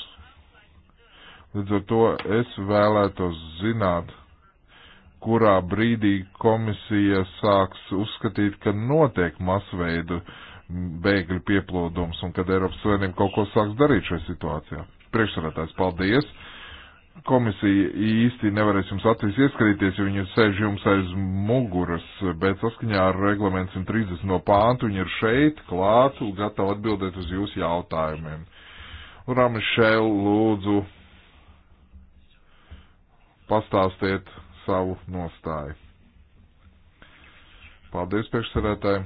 Līdz ar to es vēlētos zināt, kurā brīdī komisija sāks uzskatīt, ka notiek masveidu bēgļu pieplūdums un kad Eiropas Savienība kaut ko sāks darīt šajā situācijā. Priekšsarētājs, paldies! komisija īsti nevarēs jums acīs ieskrīties, jo viņi sēž jums aiz muguras, bet saskaņā ar reglamentu 130 no pāntu viņi ir šeit, klāt, gatavi atbildēt uz jūsu jautājumiem. Ramišēl, lūdzu, pastāstiet savu nostāju. Paldies, priekšsarētāji.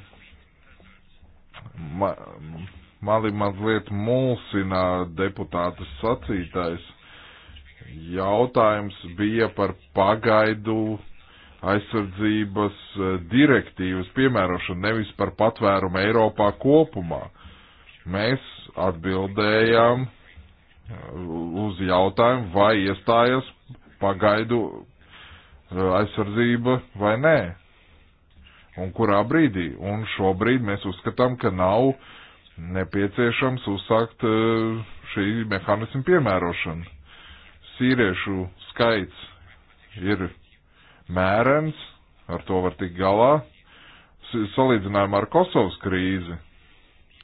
Ma, mali mazliet mulsina deputātas sacītājs jautājums bija par pagaidu aizsardzības eh, direktīvas piemērošanu, nevis par patvērumu Eiropā kopumā. Mēs atbildējām eh, uz jautājumu, vai iestājas pagaidu eh, aizsardzība vai nē. Un kurā brīdī? Un šobrīd mēs uzskatām, ka nav nepieciešams uzsākt šī mehānismu piemērošanu sīriešu skaits ir mērens, ar to var tikt galā, salīdzinājumā ar Kosovas krīzi,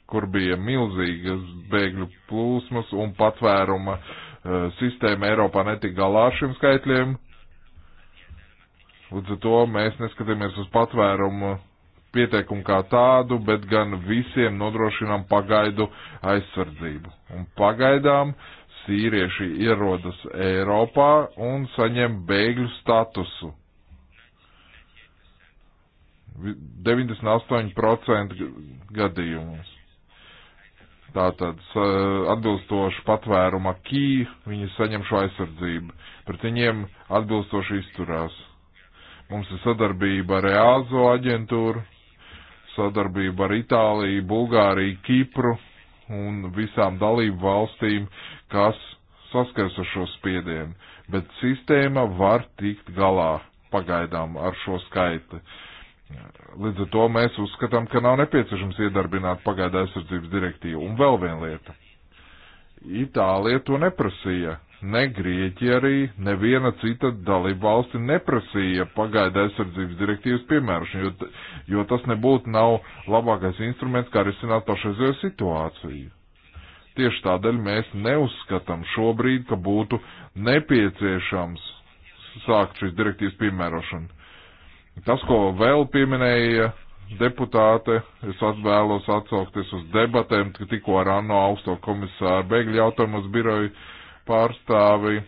kur bija milzīgas bēgļu plūsmas un patvēruma uh, sistēma Eiropā netika galā ar šiem skaitļiem. Līdz ar to mēs neskatāmies uz patvērumu pieteikumu kā tādu, bet gan visiem nodrošinām pagaidu aizsardzību. Un pagaidām uh, sīrieši ierodas Eiropā un saņem bēgļu statusu. 98% gadījumus. Tātad atbilstoši patvēruma kī viņi saņem šo aizsardzību. Pret viņiem atbilstoši izturās. Mums ir sadarbība ar EASO aģentūru, sadarbība ar Itāliju, Bulgāriju, Kipru un visām dalību valstīm, kas saskars ar šo spiedienu, bet sistēma var tikt galā pagaidām ar šo skaitli. Līdz ar to mēs uzskatām, ka nav nepieciešams iedarbināt pagaidu aizsardzības direktīvu. Un vēl viena lieta. Itālija to neprasīja ne Grieķija arī neviena cita dalībvalsti neprasīja pagaida aizsardzības direktīvas piemērošanu, jo, jo tas nebūtu nav labākais instruments, kā risināt pašreizējo situāciju. Tieši tādēļ mēs neuzskatām šobrīd, ka būtu nepieciešams sākt šīs direktīvas piemērošanu. Tas, ko vēl pieminēja deputāte, es atvēlos atsaukties uz debatēm tikko ar ANO augsto komisāru bēgļu jautājumus biroju pārstāvi.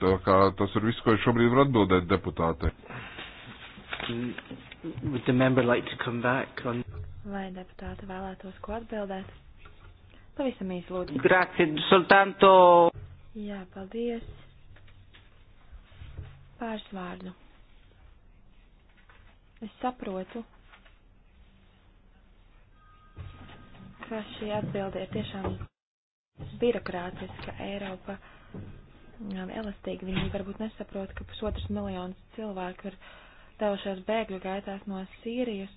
Tā kā tas ir viss, ko es šobrīd varu atbildēt deputāte. Like on... Vai deputāte vēlētos ko atbildēt? Pavisam īsi lūdzu. Grazie, soltanto. Jā, paldies. Pāris vārdu. Es saprotu, ka šī atbilde ir tiešām birokrātiska Eiropa. Um, elastīgi viņi varbūt nesaprot, ka pusotras miljonus cilvēku ir devušies bēgļu gaitās no Sīrijas.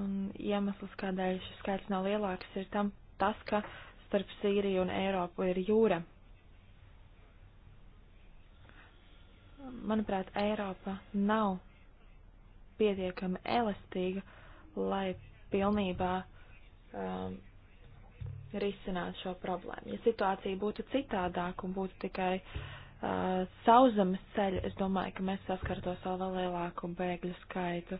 Un iemesls, kādēļ šis skaits nav lielāks, ir tam tas, ka starp Sīriju un Eiropu ir jūra. Manuprāt, Eiropa nav pietiekami elastīga, lai pilnībā um, risināt šo problēmu. Ja situācija būtu citādāka un būtu tikai uh, sauzemes ceļi, es domāju, ka mēs saskartos vēl, vēl lielāku bēgļu skaitu.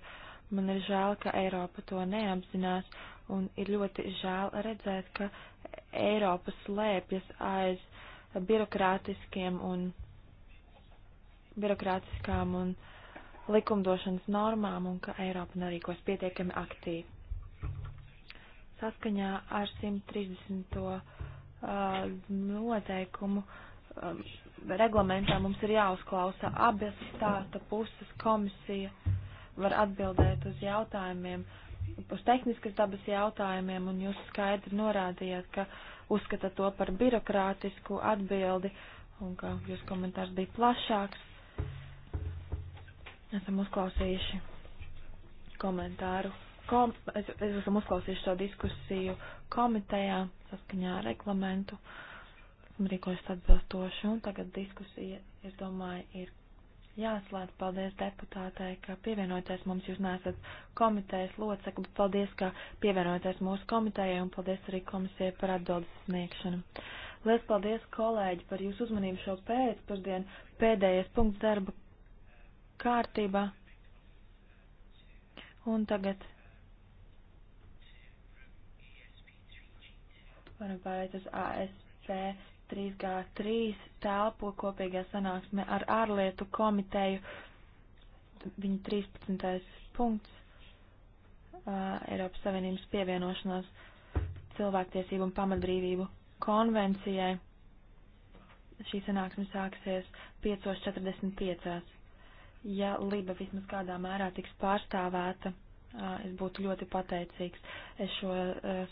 Man ir žēl, ka Eiropa to neapzinās, un ir ļoti žēl redzēt, ka Eiropa slēpjas aiz birokrātiskiem un birokrātiskām un likumdošanas normām, un ka Eiropa nerīkos pietiekami aktīvi saskaņā ar 130. noteikumu reglamentā mums ir jāuzklausa abas stāsta puses komisija var atbildēt uz jautājumiem, uz tehniskas dabas jautājumiem, un jūs skaidri norādījāt, ka uzskata to par birokrātisku atbildi, un ka jūs komentārs bija plašāks. Esam uzklausījuši komentāru kom, es, es esam uzklausījuši šo diskusiju komitejā saskaņā ar reglamentu. Esam rīkojuši atbilstoši un tagad diskusija, es domāju, ir jāslēdz. Paldies deputātei, ka pievienoties mums. Jūs neesat komitejas locekli, bet paldies, ka pievienoties mūsu komitejai un paldies arī komisijai par atbildes sniegšanu. Liels paldies, kolēģi, par jūsu uzmanību šo pēcpusdienu. Pēdējais punkts darba kārtībā. Un tagad Varam pārēt uz ASP 3G3 telpu kopīgā sanāksme ar ārlietu komiteju. Viņa 13. punkts uh, Eiropas Savienības pievienošanās cilvēktiesību un pamatbrīvību konvencijai. Šī sanāksme sāksies 5.45. Ja Liba vismaz kādā mērā tiks pārstāvēta Es būtu ļoti pateicīgs. Es šo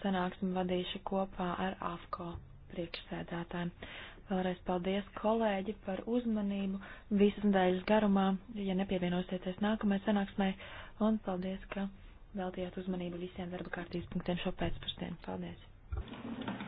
sanāksmi vadīšu kopā ar AFCO priekšsēdētājiem. Vēlreiz paldies, kolēģi, par uzmanību visas nedēļas garumā, ja nepievienosieties nākamajai sanāksmai, un paldies, ka veltījāt uzmanību visiem darba kārtības punktiem šo pēcpusdienu. Paldies!